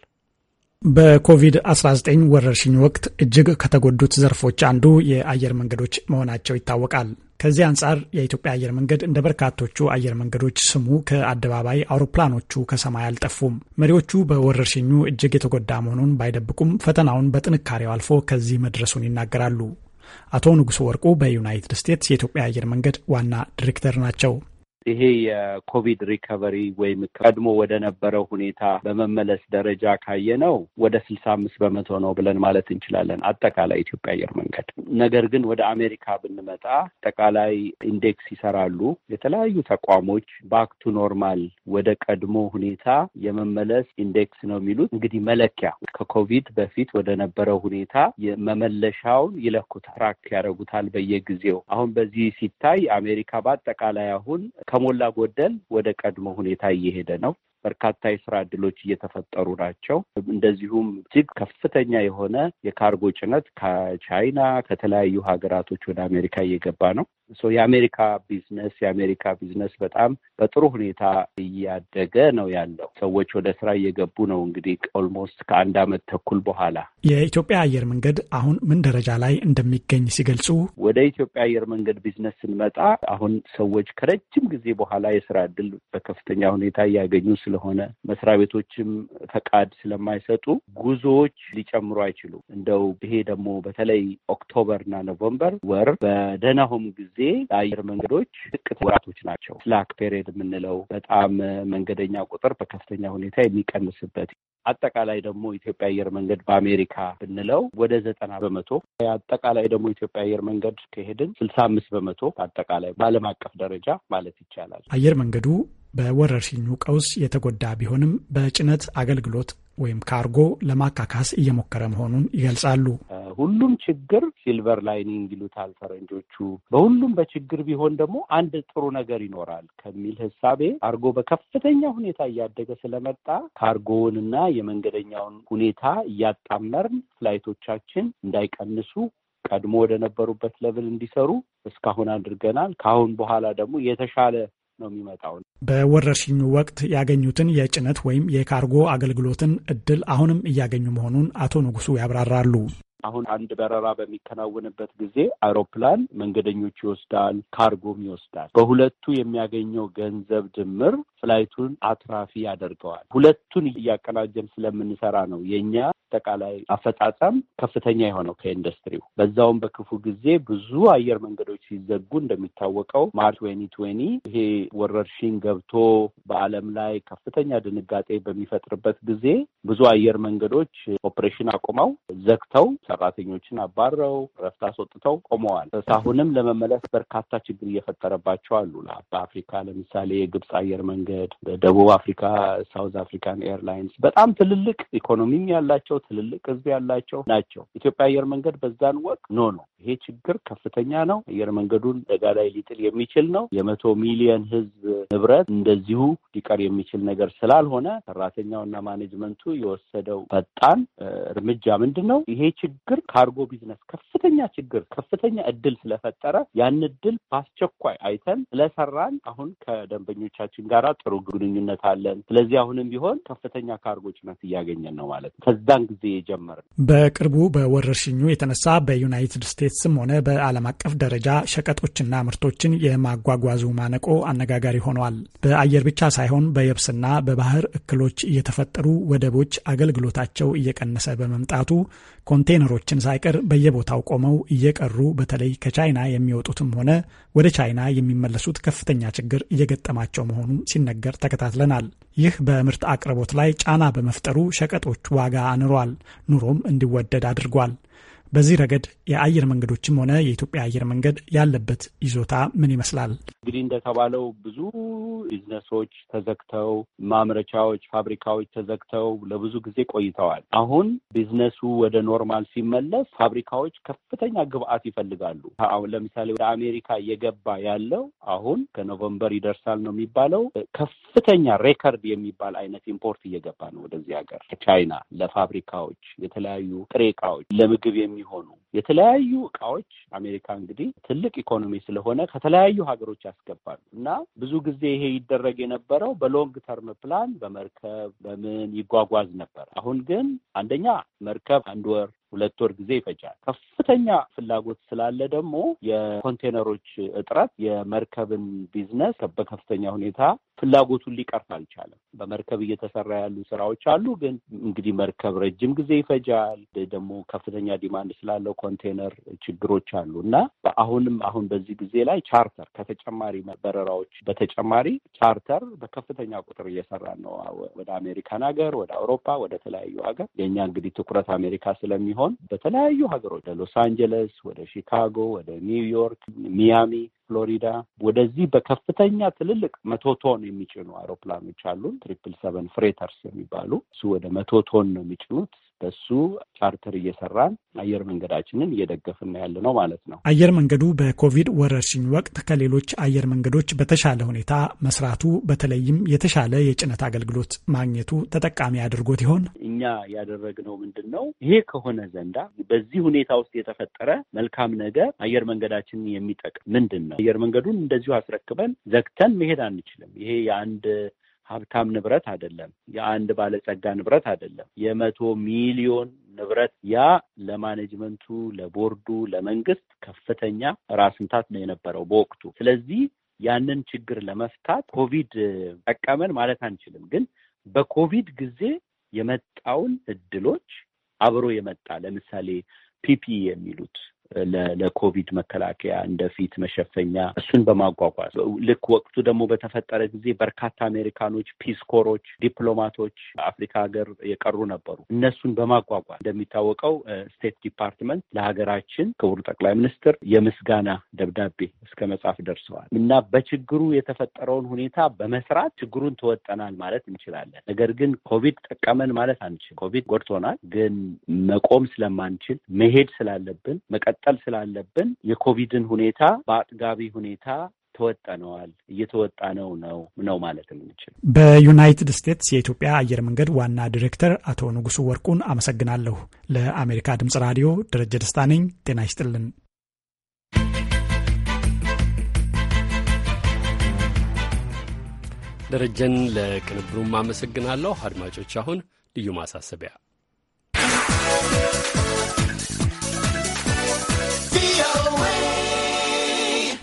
በኮቪድ-19 ወረርሽኝ ወቅት እጅግ ከተጎዱት ዘርፎች አንዱ የአየር መንገዶች መሆናቸው ይታወቃል። ከዚህ አንጻር የኢትዮጵያ አየር መንገድ እንደ በርካቶቹ አየር መንገዶች ስሙ ከአደባባይ አውሮፕላኖቹ ከሰማይ አልጠፉም። መሪዎቹ በወረርሽኙ እጅግ የተጎዳ መሆኑን ባይደብቁም ፈተናውን በጥንካሬው አልፎ ከዚህ መድረሱን ይናገራሉ። አቶ ንጉሱ ወርቁ በዩናይትድ ስቴትስ የኢትዮጵያ አየር መንገድ ዋና ዲሬክተር ናቸው። ይሄ የኮቪድ ሪከቨሪ ወይም ቀድሞ ወደ ነበረው ሁኔታ በመመለስ ደረጃ ካየ ነው ወደ ስልሳ አምስት በመቶ ነው ብለን ማለት እንችላለን አጠቃላይ ኢትዮጵያ አየር መንገድ። ነገር ግን ወደ አሜሪካ ብንመጣ አጠቃላይ ኢንዴክስ ይሰራሉ የተለያዩ ተቋሞች ባክ ቱ ኖርማል ወደ ቀድሞ ሁኔታ የመመለስ ኢንዴክስ ነው የሚሉት እንግዲህ መለኪያ ከኮቪድ በፊት ወደ ነበረው ሁኔታ መመለሻውን ይለኩታል፣ ትራክ ያደርጉታል በየጊዜው። አሁን በዚህ ሲታይ አሜሪካ በአጠቃላይ አሁን ከሞላ ጎደል ወደ ቀድሞ ሁኔታ እየሄደ ነው። በርካታ የስራ እድሎች እየተፈጠሩ ናቸው። እንደዚሁም እጅግ ከፍተኛ የሆነ የካርጎ ጭነት ከቻይና ከተለያዩ ሀገራቶች ወደ አሜሪካ እየገባ ነው። የአሜሪካ ቢዝነስ የአሜሪካ ቢዝነስ በጣም በጥሩ ሁኔታ እያደገ ነው ያለው። ሰዎች ወደ ስራ እየገቡ ነው። እንግዲህ ኦልሞስት ከአንድ አመት ተኩል በኋላ የኢትዮጵያ አየር መንገድ አሁን ምን ደረጃ ላይ እንደሚገኝ ሲገልጹ፣ ወደ ኢትዮጵያ አየር መንገድ ቢዝነስ ስንመጣ አሁን ሰዎች ከረጅም ጊዜ በኋላ የስራ እድል በከፍተኛ ሁኔታ እያገኙ ስለሆነ መስሪያ ቤቶችም ፈቃድ ስለማይሰጡ ጉዞዎች ሊጨምሩ አይችሉም። እንደው ይሄ ደግሞ በተለይ ኦክቶበርና ኖቨምበር ወር በደህናውም ጊዜ ጊዜ የአየር መንገዶች ጥቅት ወራቶች ናቸው። ስላክ ፔሪየድ የምንለው በጣም መንገደኛ ቁጥር በከፍተኛ ሁኔታ የሚቀንስበት አጠቃላይ ደግሞ ኢትዮጵያ አየር መንገድ በአሜሪካ ብንለው ወደ ዘጠና በመቶ አጠቃላይ ደግሞ ኢትዮጵያ አየር መንገድ ከሄድን ስልሳ አምስት በመቶ አጠቃላይ በዓለም አቀፍ ደረጃ ማለት ይቻላል አየር መንገዱ በወረርሽኙ ቀውስ የተጎዳ ቢሆንም በጭነት አገልግሎት ወይም ካርጎ ለማካካስ እየሞከረ መሆኑን ይገልጻሉ። ሁሉም ችግር ሲልቨር ላይኒንግ ይሉታል ፈረንጆቹ። በሁሉም በችግር ቢሆን ደግሞ አንድ ጥሩ ነገር ይኖራል ከሚል ህሳቤ ካርጎ በከፍተኛ ሁኔታ እያደገ ስለመጣ ካርጎውንና የመንገደኛውን ሁኔታ እያጣመርን ፍላይቶቻችን እንዳይቀንሱ ቀድሞ ወደ ነበሩበት ለብል እንዲሰሩ እስካሁን አድርገናል። ከአሁን በኋላ ደግሞ የተሻለ ነው የሚመጣው። በወረርሽኙ ወቅት ያገኙትን የጭነት ወይም የካርጎ አገልግሎትን እድል አሁንም እያገኙ መሆኑን አቶ ንጉሱ ያብራራሉ። አሁን አንድ በረራ በሚከናወንበት ጊዜ አውሮፕላን መንገደኞች ይወስዳል፣ ካርጎም ይወስዳል። በሁለቱ የሚያገኘው ገንዘብ ድምር ፍላይቱን አትራፊ ያደርገዋል። ሁለቱን እያቀናጀን ስለምንሰራ ነው የእኛ አጠቃላይ አፈጻጸም ከፍተኛ የሆነው ከኢንዱስትሪው በዛውም በክፉ ጊዜ ብዙ አየር መንገዶች ሲዘጉ እንደሚታወቀው ማርች ትዌንቲ ትዌንቲ ይሄ ወረርሽኝ ገብቶ በዓለም ላይ ከፍተኛ ድንጋጤ በሚፈጥርበት ጊዜ ብዙ አየር መንገዶች ኦፕሬሽን አቁመው ዘግተው ሰራተኞችን አባረው ረፍት አስወጥተው ቆመዋል። አሁንም ለመመለስ በርካታ ችግር እየፈጠረባቸው አሉ። በአፍሪካ ለምሳሌ የግብፅ አየር መንገድ፣ ደቡብ አፍሪካ ሳውዝ አፍሪካን ኤርላይንስ በጣም ትልልቅ ኢኮኖሚም ያላቸው ትልልቅ ህዝብ ያላቸው ናቸው። ኢትዮጵያ አየር መንገድ በዛን ወቅት ኖ ነው ይሄ ችግር ከፍተኛ ነው፣ አየር መንገዱን አደጋ ላይ ሊጥል የሚችል ነው፣ የመቶ ሚሊየን ህዝብ ንብረት እንደዚሁ ሊቀር የሚችል ነገር ስላልሆነ ሰራተኛውና ማኔጅመንቱ የወሰደው ፈጣን እርምጃ ምንድን ነው? ይሄ ችግር ካርጎ ቢዝነስ ከፍተኛ ችግር ከፍተኛ እድል ስለፈጠረ ያን እድል በአስቸኳይ አይተን ስለሰራን አሁን ከደንበኞቻችን ጋር ጥሩ ግንኙነት አለን። ስለዚህ አሁንም ቢሆን ከፍተኛ ካርጎ ጭነት እያገኘን ነው ማለት ነው። ከዛን ጊዜ የጀመርነው። በቅርቡ በወረርሽኙ የተነሳ በዩናይትድ ስቴትስም ሆነ በዓለም አቀፍ ደረጃ ሸቀጦችና ምርቶችን የማጓጓዙ ማነቆ አነጋጋሪ ሆኗል። በአየር ብቻ ሳይሆን በየብስና በባህር እክሎች እየተፈጠሩ ወደቦች አገልግሎታቸው እየቀነሰ በመምጣቱ ኮንቴይነሮችን ሳይቀር በየቦታው ቆመው እየቀሩ በተለይ ከቻይና የሚወጡትም ሆነ ወደ ቻይና የሚመለሱት ከፍተኛ ችግር እየገጠማቸው መሆኑን ሲነገር ተከታትለናል። ይህ በምርት አቅርቦት ላይ ጫና በመፍጠሩ ሸቀጦች ዋጋ አንሯል፣ ኑሮም እንዲወደድ አድርጓል። በዚህ ረገድ የአየር መንገዶችም ሆነ የኢትዮጵያ አየር መንገድ ያለበት ይዞታ ምን ይመስላል? እንግዲህ እንደተባለው ብዙ ቢዝነሶች ተዘግተው፣ ማምረቻዎች፣ ፋብሪካዎች ተዘግተው ለብዙ ጊዜ ቆይተዋል። አሁን ቢዝነሱ ወደ ኖርማል ሲመለስ ፋብሪካዎች ከፍተኛ ግብአት ይፈልጋሉ። አሁን ለምሳሌ ወደ አሜሪካ እየገባ ያለው አሁን ከኖቨምበር ይደርሳል ነው የሚባለው ከፍተኛ ሬከርድ የሚባል አይነት ኢምፖርት እየገባ ነው ወደዚህ ሀገር ከቻይና ለፋብሪካዎች የተለያዩ ጥሬ እቃዎች ለምግብ የሚ የሚሆኑ የተለያዩ እቃዎች አሜሪካ እንግዲህ ትልቅ ኢኮኖሚ ስለሆነ ከተለያዩ ሀገሮች ያስገባሉ እና ብዙ ጊዜ ይሄ ይደረግ የነበረው በሎንግ ተርም ፕላን በመርከብ በምን ይጓጓዝ ነበር። አሁን ግን አንደኛ መርከብ አንድ ወር ሁለት ወር ጊዜ ይፈጃል። ከፍተኛ ፍላጎት ስላለ ደግሞ የኮንቴነሮች እጥረት የመርከብን ቢዝነስ በከፍተኛ ሁኔታ ፍላጎቱን ሊቀርፍ አልቻለም። በመርከብ እየተሰራ ያሉ ስራዎች አሉ። ግን እንግዲህ መርከብ ረጅም ጊዜ ይፈጃል። ደግሞ ከፍተኛ ዲማንድ ስላለው ኮንቴነር ችግሮች አሉ እና አሁንም አሁን በዚህ ጊዜ ላይ ቻርተር ከተጨማሪ በረራዎች በተጨማሪ ቻርተር በከፍተኛ ቁጥር እየሰራ ነው ወደ አሜሪካን ሀገር፣ ወደ አውሮፓ፣ ወደ ተለያዩ ሀገር። የእኛ እንግዲህ ትኩረት አሜሪካ ስለሚሆን በተለያዩ ሀገሮች ወደ ሎስ አንጀለስ፣ ወደ ሺካጎ ወደ ኒውዮርክ፣ ሚያሚ ፍሎሪዳ ወደዚህ በከፍተኛ ትልልቅ መቶ ቶን የሚጭኑ አውሮፕላኖች አሉን። ትሪፕል ሰቨን ፍሬተርስ የሚባሉ እሱ ወደ መቶ ቶን ነው የሚጭኑት። በሱ ቻርተር እየሰራን አየር መንገዳችንን እየደገፍን ያለ ነው ማለት ነው። አየር መንገዱ በኮቪድ ወረርሽኝ ወቅት ከሌሎች አየር መንገዶች በተሻለ ሁኔታ መስራቱ በተለይም የተሻለ የጭነት አገልግሎት ማግኘቱ ተጠቃሚ አድርጎት ይሆን? እኛ ያደረግነው ምንድን ነው? ይሄ ከሆነ ዘንዳ በዚህ ሁኔታ ውስጥ የተፈጠረ መልካም ነገር አየር መንገዳችንን የሚጠቅም ምንድን ነው? አየር መንገዱን እንደዚሁ አስረክበን ዘግተን መሄድ አንችልም። ይሄ የአንድ ሀብታም ንብረት አይደለም። የአንድ ባለጸጋ ንብረት አይደለም። የመቶ ሚሊዮን ንብረት ያ ለማኔጅመንቱ፣ ለቦርዱ፣ ለመንግስት ከፍተኛ ራስ ምታት ነው የነበረው በወቅቱ። ስለዚህ ያንን ችግር ለመፍታት ኮቪድ ጠቀመን ማለት አንችልም፣ ግን በኮቪድ ጊዜ የመጣውን እድሎች አብሮ የመጣ ለምሳሌ ፒፒ የሚሉት ለኮቪድ መከላከያ እንደ ፊት መሸፈኛ እሱን በማጓጓዝ ልክ ወቅቱ ደግሞ በተፈጠረ ጊዜ በርካታ አሜሪካኖች፣ ፒስኮሮች፣ ዲፕሎማቶች አፍሪካ ሀገር የቀሩ ነበሩ። እነሱን በማጓጓዝ እንደሚታወቀው ስቴት ዲፓርትመንት ለሀገራችን ክቡር ጠቅላይ ሚኒስትር የምስጋና ደብዳቤ እስከ መጻፍ ደርሰዋል እና በችግሩ የተፈጠረውን ሁኔታ በመስራት ችግሩን ተወጠናል ማለት እንችላለን። ነገር ግን ኮቪድ ጠቀመን ማለት አንችል። ኮቪድ ጎድቶናል፣ ግን መቆም ስለማንችል መሄድ ስላለብን መቀጠል መቀጠል ስላለብን የኮቪድን ሁኔታ በአጥጋቢ ሁኔታ ተወጠነዋል እየተወጣ ነው ነው ነው ማለት የምንችል። በዩናይትድ ስቴትስ የኢትዮጵያ አየር መንገድ ዋና ዲሬክተር አቶ ንጉሱ ወርቁን አመሰግናለሁ። ለአሜሪካ ድምጽ ራዲዮ ደረጀ ደስታ ነኝ። ጤና ይስጥልን። ደረጀን ለቅንብሩም አመሰግናለሁ። አድማጮች አሁን ልዩ ማሳሰቢያ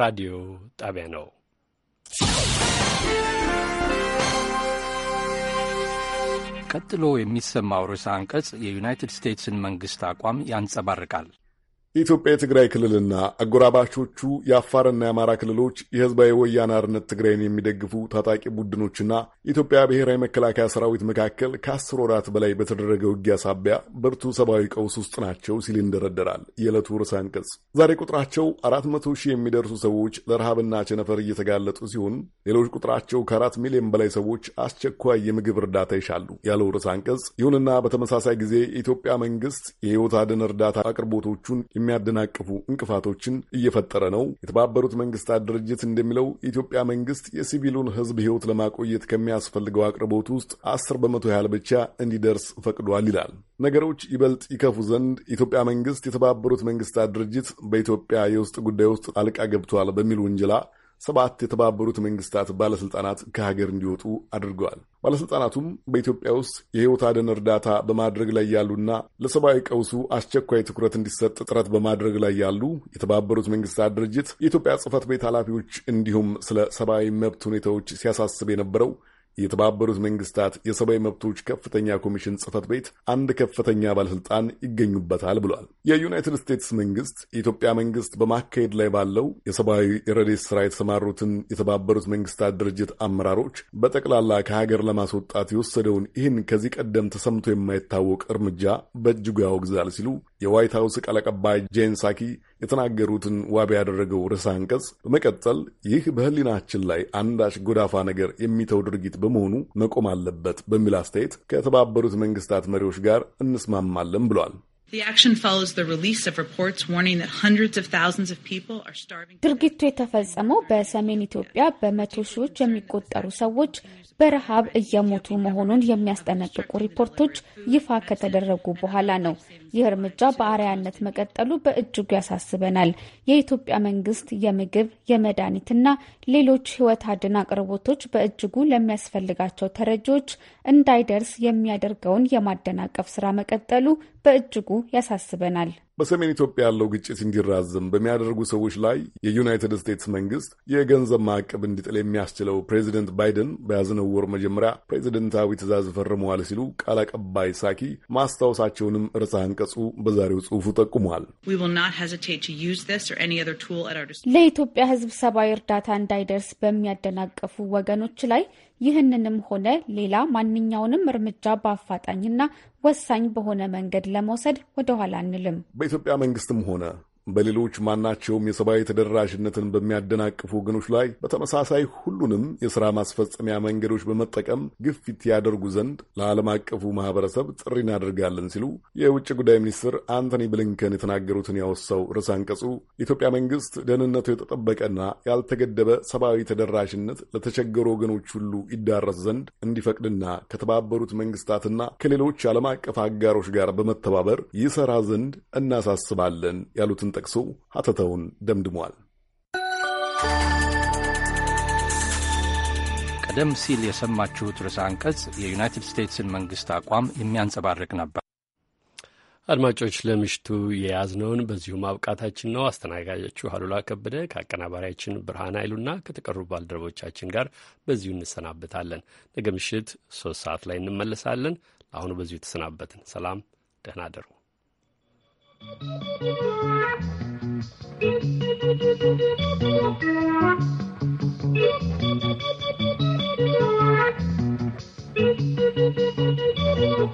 ራዲዮ ጣቢያ ነው። ቀጥሎ የሚሰማው ርዕሰ አንቀጽ የዩናይትድ ስቴትስን መንግሥት አቋም ያንጸባርቃል። የኢትዮጵያ የትግራይ ክልልና አጎራባቾቹ የአፋርና የአማራ ክልሎች የህዝባዊ ወያነ አርነት ትግራይን የሚደግፉ ታጣቂ ቡድኖችና የኢትዮጵያ ብሔራዊ መከላከያ ሰራዊት መካከል ከአስር ወራት በላይ በተደረገ ውጊያ ሳቢያ ብርቱ ሰብአዊ ቀውስ ውስጥ ናቸው ሲል ይንደረደራል የዕለቱ ርዕሰ አንቀጽ። ዛሬ ቁጥራቸው አራት መቶ ሺህ የሚደርሱ ሰዎች ለረሃብና ቸነፈር እየተጋለጡ ሲሆን ሌሎች ቁጥራቸው ከአራት ሚሊዮን በላይ ሰዎች አስቸኳይ የምግብ እርዳታ ይሻሉ ያለው ርዕሰ አንቀጽ፣ ይሁንና በተመሳሳይ ጊዜ የኢትዮጵያ መንግስት የህይወት አድን እርዳታ አቅርቦቶቹን የሚያደናቅፉ እንቅፋቶችን እየፈጠረ ነው። የተባበሩት መንግስታት ድርጅት እንደሚለው የኢትዮጵያ መንግስት የሲቪሉን ህዝብ ሕይወት ለማቆየት ከሚያስፈልገው አቅርቦት ውስጥ አስር በመቶ ያህል ብቻ እንዲደርስ ፈቅዷል ይላል። ነገሮች ይበልጥ ይከፉ ዘንድ ኢትዮጵያ መንግስት የተባበሩት መንግስታት ድርጅት በኢትዮጵያ የውስጥ ጉዳይ ውስጥ ጣልቃ ገብቷል በሚል ውንጀላ ሰባት የተባበሩት መንግስታት ባለስልጣናት ከሀገር እንዲወጡ አድርገዋል። ባለስልጣናቱም በኢትዮጵያ ውስጥ የህይወት አድን እርዳታ በማድረግ ላይ ያሉና ለሰብአዊ ቀውሱ አስቸኳይ ትኩረት እንዲሰጥ ጥረት በማድረግ ላይ ያሉ የተባበሩት መንግስታት ድርጅት የኢትዮጵያ ጽህፈት ቤት ኃላፊዎች እንዲሁም ስለ ሰብአዊ መብት ሁኔታዎች ሲያሳስብ የነበረው የተባበሩት መንግስታት የሰብአዊ መብቶች ከፍተኛ ኮሚሽን ጽህፈት ቤት አንድ ከፍተኛ ባለስልጣን ይገኙበታል ብሏል። የዩናይትድ ስቴትስ መንግስት የኢትዮጵያ መንግስት በማካሄድ ላይ ባለው የሰብአዊ ረዴት ስራ የተሰማሩትን የተባበሩት መንግስታት ድርጅት አመራሮች በጠቅላላ ከሀገር ለማስወጣት የወሰደውን ይህን ከዚህ ቀደም ተሰምቶ የማይታወቅ እርምጃ በእጅጉ ያወግዛል ሲሉ የዋይት ሀውስ ቃል አቀባይ ጄን ሳኪ የተናገሩትን ዋቢ ያደረገው ርዕሰ አንቀጽ በመቀጠል ይህ በህሊናችን ላይ አንዳች ጎዳፋ ነገር የሚተው ድርጊት በመሆኑ መቆም አለበት በሚል አስተያየት ከተባበሩት መንግስታት መሪዎች ጋር እንስማማለን ብሏል። ድርጊቱ የተፈጸመው በሰሜን ኢትዮጵያ በመቶ ሺዎች የሚቆጠሩ ሰዎች በረሃብ እየሞቱ መሆኑን የሚያስጠነቅቁ ሪፖርቶች ይፋ ከተደረጉ በኋላ ነው። ይህ እርምጃ በአርያነት መቀጠሉ በእጅጉ ያሳስበናል። የኢትዮጵያ መንግስት የምግብ የመድኃኒትና ሌሎች ህይወት አድን አቅርቦቶች በእጅጉ ለሚያስፈልጋቸው ተረጂዎች እንዳይደርስ የሚያደርገውን የማደናቀፍ ስራ መቀጠሉ በእጅጉ ያሳስበናል በሰሜን ኢትዮጵያ ያለው ግጭት እንዲራዘም በሚያደርጉ ሰዎች ላይ የዩናይትድ ስቴትስ መንግስት የገንዘብ ማዕቀብ እንዲጥል የሚያስችለው ፕሬዚደንት ባይደን በያዝነው ወር መጀመሪያ ፕሬዚደንታዊ ትእዛዝ ፈርመዋል ሲሉ ቃል አቀባይ ሳኪ ማስታወሳቸውንም ርዕሰ አንቀጹ በዛሬው ጽሑፉ ጠቁሟል። ለኢትዮጵያ ሕዝብ ሰብአዊ እርዳታ እንዳይደርስ በሚያደናቀፉ ወገኖች ላይ ይህንንም ሆነ ሌላ ማንኛውንም እርምጃ በአፋጣኝና ወሳኝ በሆነ መንገድ ለመውሰድ ወደኋላ አንልም። በኢትዮጵያ መንግስትም ሆነ በሌሎች ማናቸውም የሰብአዊ ተደራሽነትን በሚያደናቅፉ ወገኖች ላይ በተመሳሳይ ሁሉንም የሥራ ማስፈጸሚያ መንገዶች በመጠቀም ግፊት ያደርጉ ዘንድ ለዓለም አቀፉ ማኅበረሰብ ጥሪ እናደርጋለን ሲሉ የውጭ ጉዳይ ሚኒስትር አንቶኒ ብሊንከን የተናገሩትን ያወሳው ርዕሰ አንቀጹ የኢትዮጵያ መንግሥት ደህንነቱ የተጠበቀና ያልተገደበ ሰብአዊ ተደራሽነት ለተቸገሩ ወገኖች ሁሉ ይዳረስ ዘንድ እንዲፈቅድና ከተባበሩት መንግሥታትና ከሌሎች ዓለም አቀፍ አጋሮች ጋር በመተባበር ይሠራ ዘንድ እናሳስባለን ያሉትን ጠቅሱ ጠቅሶ ሀተታውን ደምድሟል። ቀደም ሲል የሰማችሁት ርዕሰ አንቀጽ የዩናይትድ ስቴትስን መንግስት አቋም የሚያንጸባርቅ ነበር። አድማጮች፣ ለምሽቱ የያዝነውን በዚሁ ማብቃታችን ነው። አስተናጋጃችሁ አሉላ ከበደ ከአቀናባሪያችን ብርሃን ኃይሉና ከተቀሩ ባልደረቦቻችን ጋር በዚሁ እንሰናበታለን። ነገ ምሽት ሶስት ሰዓት ላይ እንመለሳለን። ለአሁኑ በዚሁ ተሰናበትን። ሰላም፣ ደህና አደሩ። thank you